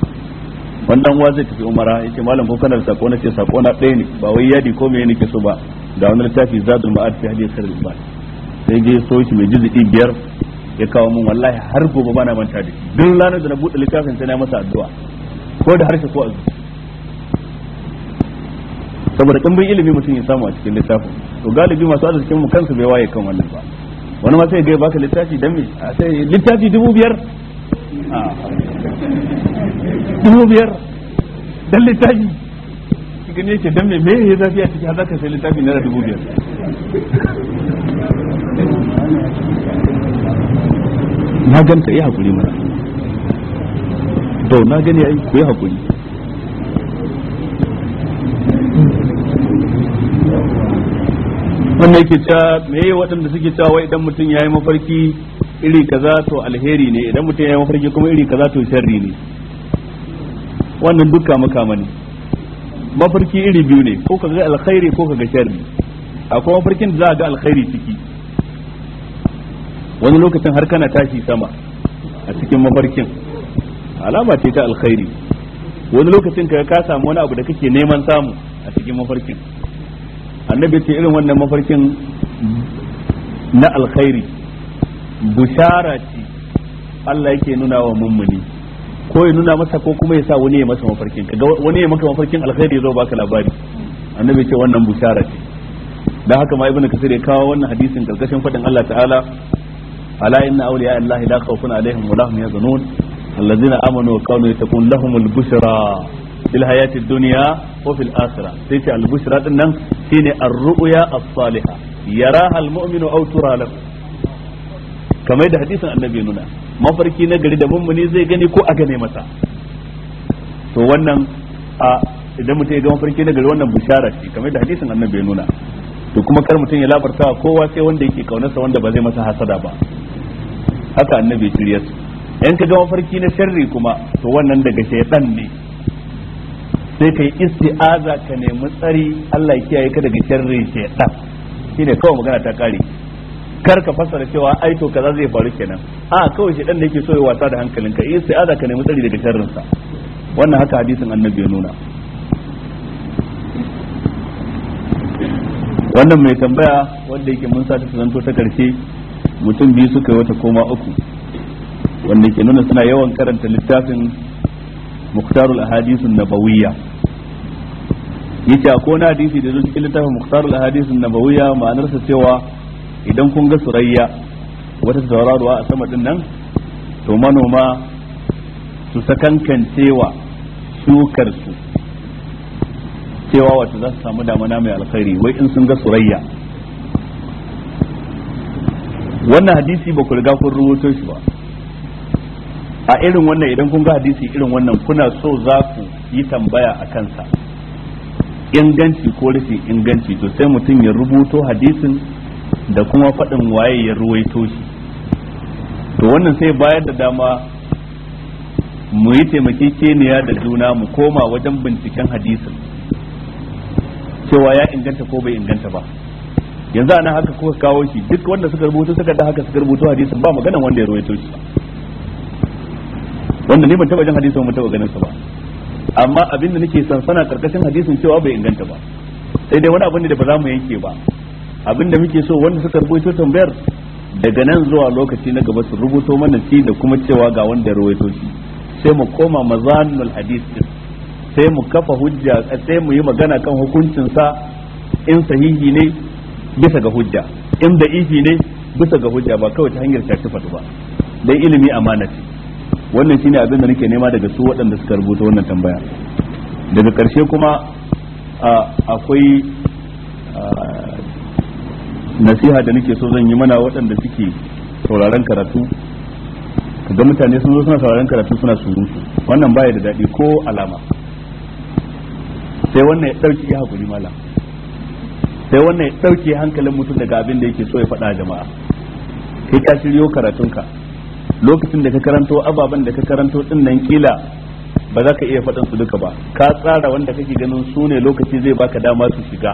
wani dan uwa zai tafi umara yace malam ko kana da sako ce sako na ɗaya ne ba wai yadi ko meye nake so ba da wani littafi Zadul Ma'ad fi hadith Sirr al-Ibad sai je so shi mai juz'i biyar ya kawo mun wallahi har gobe na manta da shi duk ranar da na bude littafin sai na masa addu'a ko da harshe ko azu saboda kambin ilimi mutum ya samu a cikin littafin to galibi masu arzikin mu kansu bai waye kan wannan ba wani ma sai ga baka littafi dan me sai littafi dubu biyar dubu biyar dan littafi gani yake dan me me ya zafi a cikin hazaka sai littafi na dubu biyar na ganta ya hakuri mana to na gani ai ku yi hakuri wannan yake cewa meye waɗanda suke cewa wai idan mutum ya yi mafarki iri kaza to alheri ne idan mutum ya yi mafarki kuma iri kaza to sharri ne wannan duka makama ne mafarki iri biyu ne ko ka ga alkhairi ko ka ga sharri akwai mafarkin da za a ga alkhairi ciki wani lokacin har kana tashi sama a cikin mafarkin alama ce ta alkhairi wani lokacin ka ka samu wani abu da kake neman samu a cikin mafarkin annabi ce irin wannan mafarkin na alkhairi bushara ce Allah yake nuna wa mummuni ko ya nuna masa ko kuma ya sa wani ya masa mafarkin kaga wani ya maka mafarkin alkhairi zai baka labari annabi ce wannan bushara ce dan haka ma ibnu kasir ya kawo wannan hadisin karkashin fadin Allah ta'ala ala inna awliya allahi la khawfun alaihim wa lahum yahzanun alladhina amanu wa kanu lahumul bushra fil hayati dunya wa fil akhirah sai ce al bushra din nan shine ar ru'ya as salihah yara al mu'minu aw tura lahu kamar da hadisin annabi nuna mafarki na gari da mummuni zai gani ko a gane masa to wannan a idan mutum ya ga mafarki na gari wannan bushara ce kamar da hadisin annabi nuna to kuma kar mutum ya labarta kowa sai wanda yake kaunarsa wanda ba zai masa hasada ba haka annabi shirya su yan ka ga mafarki na sharri kuma to wannan daga shaydan ne sai ka yi isti'aza ka nemi tsari Allah ya kiyaye ka daga sharrin shi shine kawai magana ta kare kar ka fassara cewa ai to kaza zai faru kenan a kawai ɗan da yake so ya wasa da hankalinka isti'aza ka nemi tsari daga sharrin sa wannan haka hadisin annabi ya nuna wannan mai tambaya wanda yake mun sa ta zanto ta karshe mutum biyu suka yi wata koma uku wanda ke nuna suna yawan karanta littafin muktarul ahadisun nabawiyya yace ko na hadisi da zo cikin littafin muktar al-Hadis an-Nabawiyya ma'anarsa cewa idan kun ga Surayya wata tauraruwa a sama din nan to manoma su sakankancewa shukar su cewa wata za su samu damana mai alkhairi wai in sun ga Surayya wannan hadisi ba ku riga kun rubuto shi ba a irin wannan idan kun ga hadisi irin wannan kuna so za ku yi tambaya a kansa inganci ko rashin inganci to sai mutum ya rubuto hadisin da kuma faɗin waye ya ruwaito shi to wannan sai bayar da dama mu yi taimakekeniya da juna mu koma wajen binciken hadisin cewa ya inganta ko bai inganta ba yanzu ana haka kuka kawo shi duk wanda suka rubuto suka da haka suka rubuto hadisin ba maganan wanda ya ruwaito shi wanda ne ban taba jin hadisin ban taba ganin sa ba amma abin da nake sansana karkashin hadisin cewa bai inganta ba sai dai wani abin da ba za mu yanke ba abin da muke so wanda suka rubuto tambayar daga nan zuwa lokaci na gaba su rubuto mana shi da kuma cewa ga wanda ya rawaito shi sai mu koma mazanul hadis din sai mu kafa hujja sai mu yi magana kan hukuncin sa in sahihi ne bisa ga hujja in da'ifi ne bisa ga hujja ba kawai ta hanyar shafi ba dai ilimi amana ce wannan shine abin da nake nema daga su waɗanda suka rubuta wannan tambaya daga ƙarshe kuma akwai nasiha da nake so zan yi mana waɗanda suke sauraron karatu ga mutane sun zo suna sauraron karatu suna surutu wannan baya da daɗi ko alama sai wannan ya ɗauki ya haƙuri mala sai wannan ya ɗauki hankalin mutum daga abin da yake so ya faɗa jama'a kai ka shiryo karatunka lokacin da ka karanto ababen da ka karanto din nan kila ba za ka iya faɗin su duka ba ka tsara wanda kake ganin su ne lokaci zai baka dama su shiga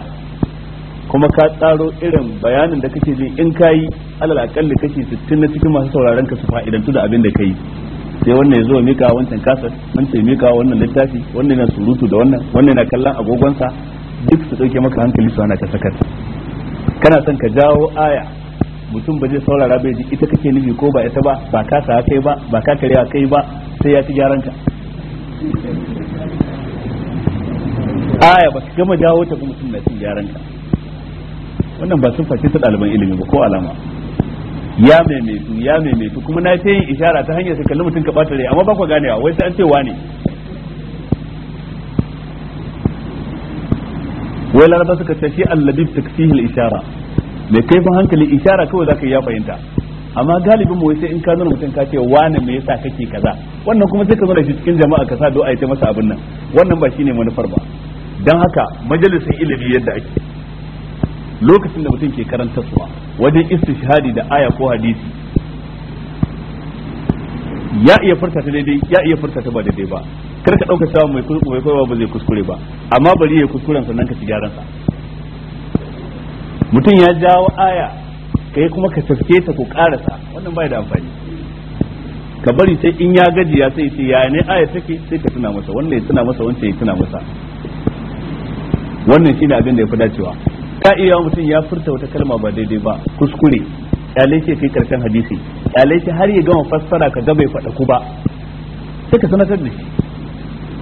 kuma ka tsaro irin bayanin da kake jin in kayi alal akalli kake 60 na cikin masu sauraron ka su fa'idantu da abin da kai sai wannan ya zo mika wancan kasar wancan mika wannan littafi wannan na surutu da wannan wannan na kallon agogonsa duk su dauke maka hankali su hana ka sakar kana son ka jawo aya mutum ba zai saurara bai ji ita kake nufi ko ba ita ba ba ka sa kai ba ba ka karewa kai ba sai ya ci gyaran ka aya ba ka gama jawo ta mutum na cin gyaran ka wannan ba sun fashe ta ɗaliban ilimi ba ko alama ya maimaitu ya maimaitu kuma na ce yin ishara ta hanyar ka kalli mutum ka ɓata rai amma ba ku ganewa wai sai an ce wane wai laraba suka ce shi allabib takfihi ishara mai kaifin hankali ishara kawai zaka yi ya fahimta amma galibin mu sai in ka zana mutum ka ce wani me yasa kake kaza wannan kuma sai ka zo da shi cikin jama'a ka sa yi ta masa abin nan wannan ba shine manufar ba dan haka majalisin ilimi yadda ake lokacin da mutum ke karanta suwa wajen istishhadi da aya ko hadisi ya iya furta ta daidai ya iya furta ta ba daidai ba kar ka dauka cewa mai kuskure ba zai kuskure ba amma bari ya kuskuren sannan ka ci gyaran sa mutum ya jawo aya kai kuma ka tafke ta ku karasa wannan bai da amfani ka bari sai in ya gajiya sai ce ya ne aya take sai ka tuna masa wannan ya tuna masa wancan ya tuna masa wannan shine abin da ya fi dacewa ka iya mutum ya furta wata kalma ba daidai ba kuskure kyale ce kai karshen hadisi Ya ce har ya gama fassara ka ga bai faɗa ku ba sai ka sanatar da shi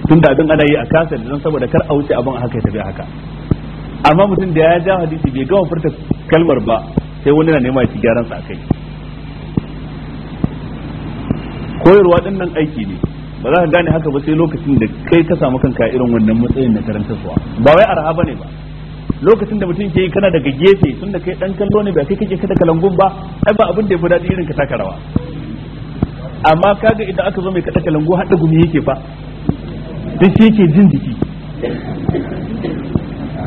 tun da abin ana yi a kasar don saboda kar a wuce abin a haka ya tafi haka amma mutum da ya ja hadisi bai gama furta kalmar ba sai wani na nema ya ci gyaran sa kai koyarwa din nan aiki ne ba za ka gane haka ba sai lokacin da kai ka samu kanka irin wannan matsayin na karantarwa ba wai arha bane ba lokacin da mutum ke yi kana daga gefe tun da kai dan kallo ne ba kai kake kada kalangun ba ai ba abin da ya fi daɗi irin ka taka rawa amma kaga idan aka zo mai kada kalangu haɗa gumi yake fa duk shi yake jin jiki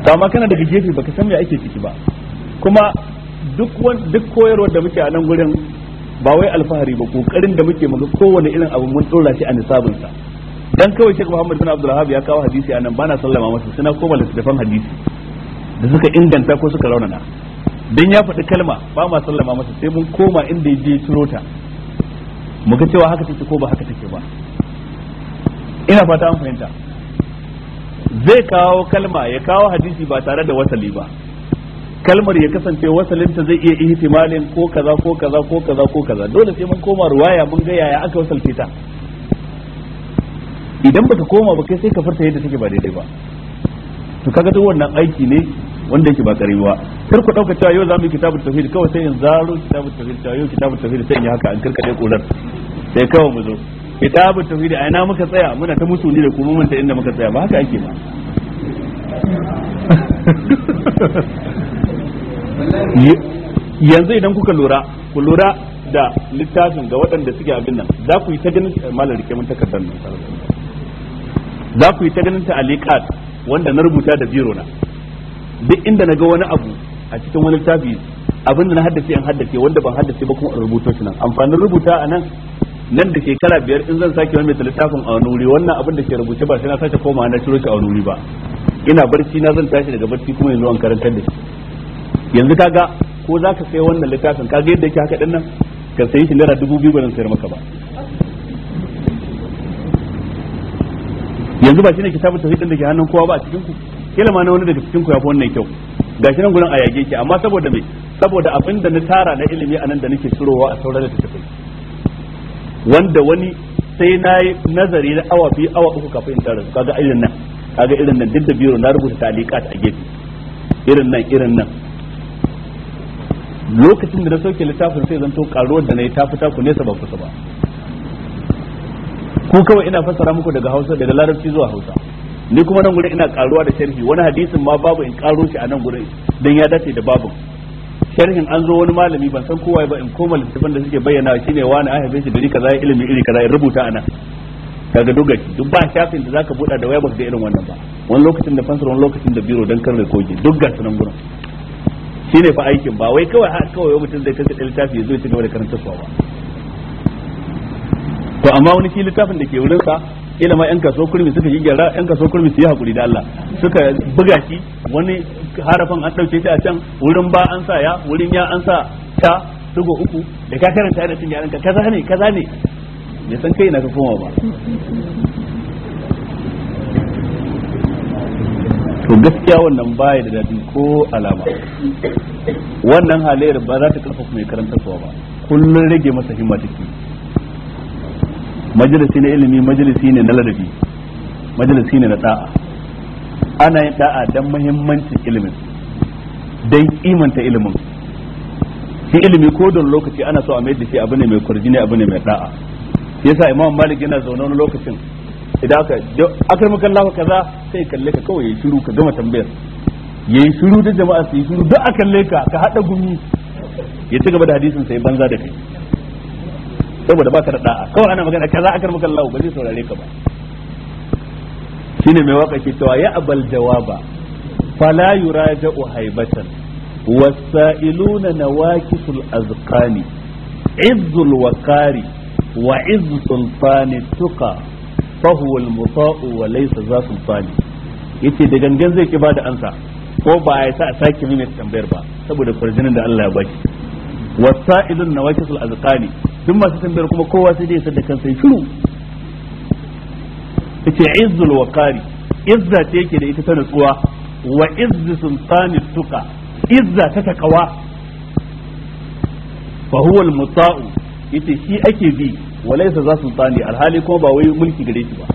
to kana daga gefe baka san me ake ciki ba kuma duk duk koyarwar da muke a nan gurin ba wai alfahari ba kokarin da muke muga kowane irin abu mun dora shi a nisabin sa dan kawai Sheikh Muhammad bin Abdul Wahhab ya kawo hadisi a nan bana sallama masa suna koma littafan hadisi da suka inganta ko suka raunana dan ya faɗi kalma ba ma sallama masa sai mun koma inda ya je ciro ta cewa haka take ko ba haka take ba ina fata an fahimta zai kawo kalma ya kawo hadisi ba tare da wasali ba kalmar ya kasance wasalinta zai iya ihtimalin ko kaza ko kaza ko kaza ko kaza dole sai mun koma ruwaya mun ga yaya aka wasalce ta idan baka koma ba kai sai ka furta yadda take ba daidai ba to kaga duk wannan aiki ne wanda yake ba karewa kar ku dauka cewa yau zamu yi kitabut tauhid kawai sai in zaro kitabut tauhid cewa yau kitabut tauhid sai in yi haka an karkade kurar sai kawai mu zo kitabu tauhid a ina muka tsaya muna ta musu da kuma manta ta inda muka tsaya ba haka ake ba yanzu idan kuka lura ku lura da littafin ga waɗanda suke abin nan za ku yi ta ganin eh, malar rike mun takardar nan za ku yi ta ganin ta alikat wanda na rubuta da biro na duk inda na ga wani abu a cikin wani littafi abin da na haddace an haddace wanda ban haddace ba kuma rubuto shi nan amfanin rubuta a nan nan da ke kala biyar in zan sake wani mai littafin a wani wannan abin da ke rubuce ba sai na sake koma na ciro shi a wani ba ina barci na zan tashi daga barci kuma yanzu an karantar da shi yanzu kaga ko za ka sai wannan littafin kaga yadda yake haka dinnan ka sayi shi naira dubu biyu ba zan sayar maka ba yanzu ba shine kitabun tauhid din da ke hannun kowa ba a cikin ku kila ma na wani daga cikin ku ya fi wannan kyau gashi nan gurin a yage ki amma saboda me saboda abin da na tara na ilimi a nan da nake shirowa a sauran da take wanda wani sai na yi nazari na awa biyu awa uku kafin tarin kaga irin nan kaga irin nan duk da biro na rubuta talika a gefe irin nan irin nan lokacin da na sauke littafin sai zanto karuwar da na yi ta ku nesa ba kusa ba ku kawai ina fassara muku daga hausa daga larabci zuwa hausa ni kuma nan gurin ina karuwa da sharhi wani hadisin ma babu in karo shi a nan gurin dan ya dace da babu sharhin an zo wani malami ban san kowa ba in koma littafin da suke bayyana shine wani a haife shi da rika zai ilimin iri kaza ya rubuta ana kaga duk gaci duk ba shafin da zaka buɗa da waya da irin wannan ba wani lokacin da fansar wani lokacin da biro dan karne kogi duk ga sunan gurin shine fa aikin ba wai kawai har kawai mutum zai kasa littafi ya zo ya ci gaba da karanta ba to amma wani shi littafin da ke wurin sa ilima yan kaso kurmi suka yi gyara yan kaso kurmi su yi hakuri da Allah suka buga shi wani harafin an ɗauke shi a can wurin ba an sa ya wurin ya an sa ta dugo uku da ka karanta da sun yaran ka kaza ne kaza ne me san kai na ka koma ba to gaskiya wannan baya da dadin ko alama wannan halayyar ba za ta karfafa mai karantarwa ba kullum rage masa himma take majalisi na ilimi majalisi ne na ladabi majalisi ne na da'a ana yin da'a dan muhimmancin ilimin dan kimanta ilimin shi ilimi ko don lokaci ana so a mai da shi abu ne mai ne abu ne mai da'a yasa imam malik yana zaune wani lokacin idan aka akar maka Allah kaza sai kalle ka kawai yayi shiru ka gama tambayar yayi shiru da jama'a su yi shiru duk a kalle ka ka hada gumi ya ci gaba da hadisin sai banza da kai saboda ka da da'a kawai ana magana kaza akar maka Allah ba zai saurare ka ba shine mai waka ke cewa ya abal jawaba fala yuraja'u haibatan والسائلون نواكس الأذقان عز الوقار وعز سلطان التقى فهو المطاع وليس ذا سلطان yace da gangan zai ki bada ansa ko ba ya sa a sake mimi tambayar ba saboda farjinin da Allah ya baki wasailun nawakisul azqani duk masu tambayar kuma kowa sai dai ya da kansa shiru ce izzul waqari izza ce yake da ita ta nutsuwa wa izzu sultani tuka izza ta takawa fa huwa al-muta'u shi ake bi walaysa za sultani alhali kuma ba wai mulki gare shi ba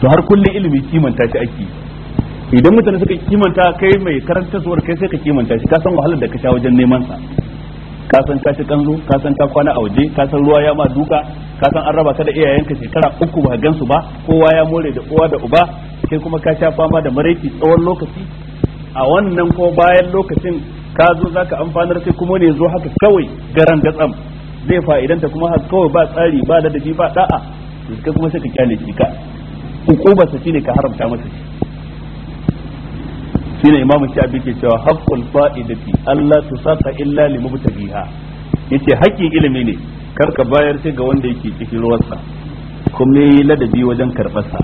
to har kullun ilimi kimanta shi ake idan mutane suka kimanta kai mai karanta kai sai ka kimanta shi ka san wahalar da ka sha wajen neman sa ka san ka ci kanzu ka san ka kwana a waje ka san ruwa ya ma duka ka san an raba ka da iyayenka shekara uku ba su ba kowa ya more da uwa da uba kai kuma ka sha fama da maraici tsawon lokaci a wannan ko bayan lokacin ka zo zaka amfana sai kuma ne zo haka kawai garan gatsam zai fa'idanta kuma haka kawai ba tsari ba ladabi ba da'a kai kuma sai ka kyale shi ka hukubarsa shine ka haramta masa shi shine imamu shafi ke cewa haqqul fa'idati Allah saka illa limubtadiha yace haƙƙin ilimi ne kar ka bayar sai ga wanda yake cikin ruwarsa kuma yi ladabi wajen karɓarsa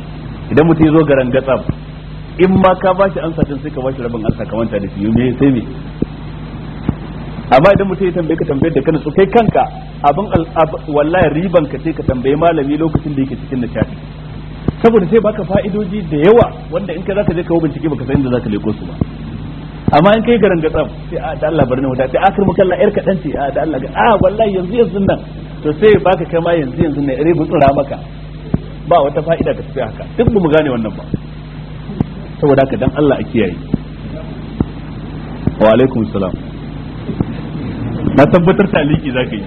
idan mutum zo garan gatsab in ma ka bashi ansa din sai ka bashi rabin ansa ka manta da shi me sai me amma idan mutum ya tambaye ka tambayar da kanka so kai kanka abin wallahi riban ka sai ka tambaye malami lokacin da yake cikin nishaɗi saboda sai baka fa'idoji da yawa wanda in ka zaka je kawo bincike baka san inda zaka leko su ba amma in kai garan gatsam sai a ah, da Allah bari sai wadata ah, akar mukalla yar kadan ce a ah, da Allah ga a wallahi yanzu yanzu nan to sai baka kai ma yanzu yanzu ne rai tsura maka ba wata fa'ida ka tafi haka duk bamu gane wannan ba saboda haka dan Allah a kiyaye wa alaikum salam na tabbatar taliki zaka yi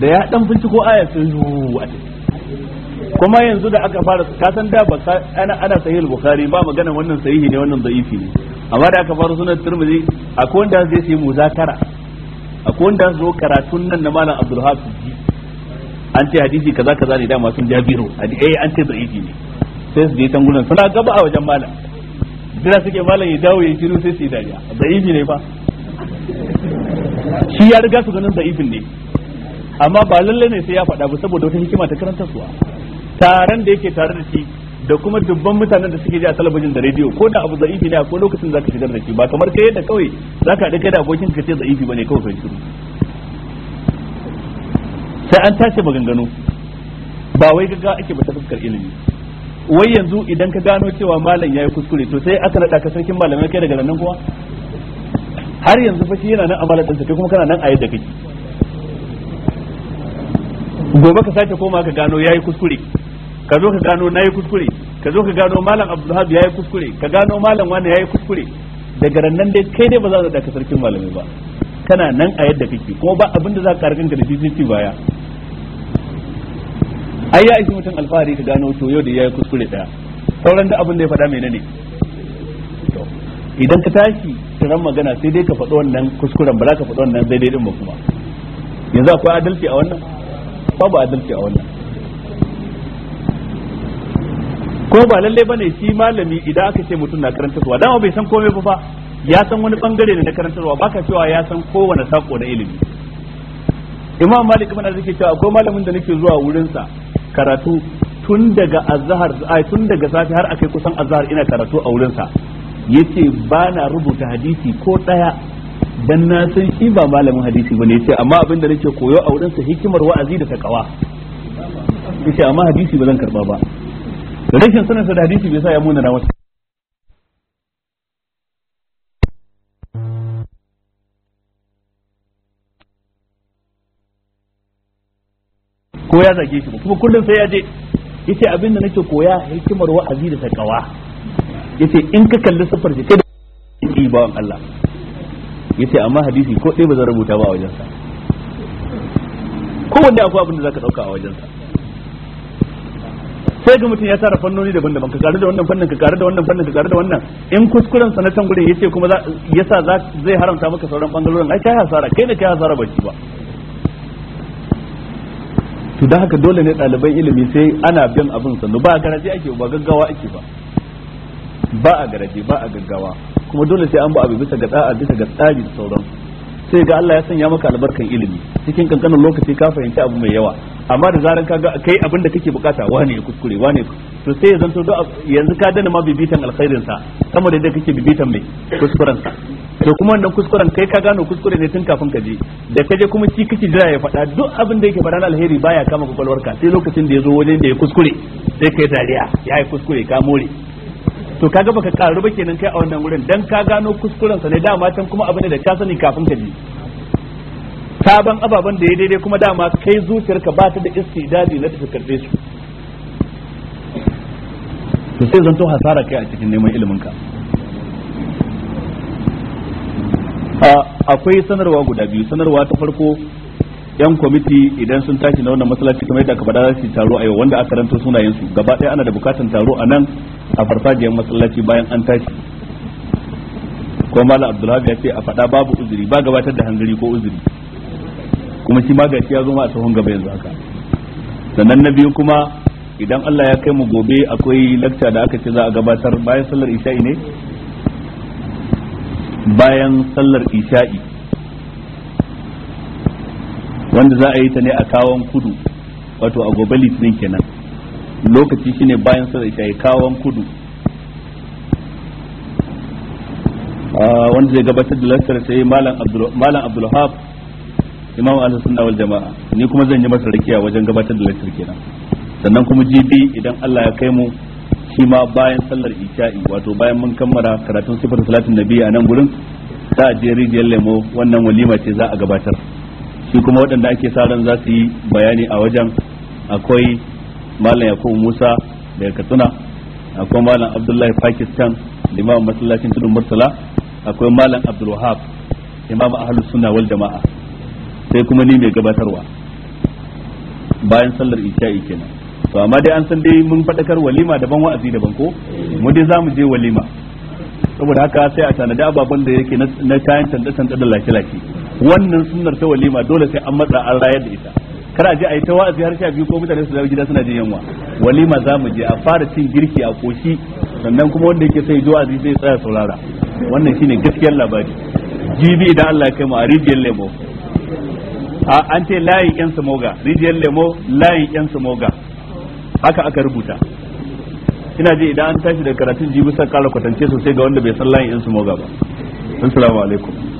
da ya dan binciko aya sai zuwa kuma yanzu da aka fara ka san da ana ana sahih bukhari ba magana wannan sahihi ne wannan da'ifi ne amma da aka fara sunan tirmidhi akwai wanda zai sai muzakara akwai wanda zo karatun nan na malam abdul hafiz an ce hadisi kaza kaza ne da sun jabiro eh an ce da'ifi ne sai su je tangunan suna gaba a wajen malam jira suke malam ya dawo ya shiru sai su yi dariya da'ifi ne ba shi ya riga su ganin da'ifin ne amma ba lalle ne sai ya faɗa ba saboda wata hikima ta karanta suwa taron da yake tare da shi da kuma dubban mutanen da suke ji a talabijin da rediyo ko da abu za'ifi ne ko lokacin zaka shigar da shi ba kamar kai yadda kawai zaka haɗu kai da abokin ka ce za'ifi bane kawai kai shiru sai an tashi maganganu ba wai gaggawa ake ba ta fuskar ilimi wai yanzu idan ka gano cewa malam yayi kuskure to sai aka nada ka sarkin malamai kai daga nan kuma har yanzu fa shi yana nan amala ɗinsa kai kuma kana nan a yadda kake gobe ka sake koma ka gano yayi kuskure ka zo ka gano nayi kuskure ka zo ka gano malam abdulhab yayi kuskure ka gano malam wani yayi kuskure daga nan dai kai dai ba za ka daka sarkin malamai ba kana nan a yadda kake kuma ba abin da za ka karkanka da shi ci baya ai ya isi mutum alfahari ka gano to yau da yayi kuskure daya sauran da abin da ya faɗa menene to idan ka tashi ran magana sai dai ka faɗi wannan kuskuren ba za ka faɗi wannan dai din ba kuma yanzu akwai adalci a wannan babu adalci a wannan ko ba lalle bane shi malami idan aka ce mutum na karantarwa dama bai san komai ba fa ya san wani bangare ne na karantarwa baka cewa ya san kowane sako na ilimi imam malik ibn aziki cewa akwai malamin da nake zuwa wurin sa karatu tun daga azhar ai tun daga safi har akai kusan azhar ina karatu a wurin sa yace ba na rubuta hadisi ko daya dan na san shi ba malamin hadisi bane yace amma abin da nake koyo a wurin sa hikimar wa'azi da takawa yace amma hadisi ba zan karba ba rashin sanin sa da hadisi bai sa ya muna wata ko ya zage shi kuma kullum sai ya je yace abin da nake koya hikimar wa'azi da takawa yace in ka kalli sifar da kai da Allah yace amma hadisi ko ɗaya ba zan rubuta ba a wajensa kowanne akwai abin da zaka ɗauka a wajensa sai ga mutum ya tara fannoni daban-daban ka kare da wannan fannin ka kare da wannan fannin ka kare da wannan in kuskuren sanatan gurin yace kuma yasa zai haramta maka sauran bangarorin ai kai hasara kai ne kai hasara ba ba to da haka dole ne ɗaliban ilimi sai ana bin abin sannu ba a garaje ake ba gaggawa ake ba ba a garaje ba a gaggawa kuma dole sai an ba abu bisa ga da'a bisa ga tsari da sauran sai ga Allah ya sanya maka albarkan ilimi cikin kankanin lokaci ka fahimci abu mai yawa amma da zaran ka ga kai abin da kake bukata wane ya kuskure wane to sai ya zanto yanzu ka dana ma bibitan alkhairin sa kamar da yadda kake bibitan mai kuskuren sa to kuma wannan kuskuren kai ka gano kuskure ne tun kafin ka je da ka je kuma ci kake jira ya faɗa duk abin da yake faɗa na alheri baya kama kwakwalwarka sai lokacin da ya zo wajen da ya kuskure sai kai dariya ya yi kuskure ka more to kaga baka karu ba kenan kai a wannan wurin dan ka gano kuskuren sa ne dama can kuma abin da ka sani kafin ka ji sabon ababen da ya daidai kuma dama kai zuciyarka ba ta da istidadi na tafi karbe su to sai zanto hasara kai a cikin neman ilimin ka akwai sanarwa guda biyu sanarwa ta farko yan kwamiti idan sun tashi na wannan masalaci kamar yadda aka da su taro a yau wanda aka ranto sunayen su gaba daya ana da bukatan taro a nan a farfajiyar masallaci bayan an tashi ko mala abdulhabi ya ce a fada babu uzuri ba gabatar da hangari ko uzuri kuma shi magaci ya zo ma a tsohon gaba yanzu haka sannan na biyu kuma idan Allah ya kai mu gobe akwai lakca da aka ce za a gabatar bayan sallar isha'i ne bayan sallar isha'i wanda za a yi ta ne a kawon kudu wato a gobe litinin kenan lokaci shine bayan da yi kawon kudu ah, wanda zai gabatar da lantar sai malam abdulhab imam al-sunna jama'a ni kuma zan yi masa rakiya wajen gabatar da lantar kenan sannan kuma jibi idan Allah ya kai mu shi ma bayan sallar isha'i wato bayan mun kammara karatun sifar salatin nabi a nan gurin za a je rijiyar lemo wannan walima ce za a gabatar shi kuma waɗanda ake sa ran za su yi bayani a wajen akwai malam yakubu musa daga katsina akwai malam abdullahi pakistan limamin masallacin tudun murtala akwai malam abdulwahab wahab imam ahlus sunna wal jama'a sai kuma ni mai gabatarwa bayan sallar isha'i kenan to amma dai an san dai mun faɗakar walima daban wa'azi daban ko mu dai za mu je walima saboda haka sai a tanadi ababen da yake na kayan tanda-tanda da laki-laki wannan sunar ta walima dole sai an matsa an rayar da ita kada je a yi ta wa'azi har sha biyu ko mutane su dawo gida suna jin yunwa walima za mu je a fara cin girki a koshi sannan kuma wanda yake sai zuwa zai tsaya saurara wannan shine gaskiyar labari jibi idan Allah ya kai mu a rijiyar lemo a an ce layin yan samoga rijiyar lemo layin yan samoga haka aka rubuta ina ji idan an tashi da karatun jibi sai kara kwatance sosai ga wanda bai san layin in su moga ba assalamu alaikum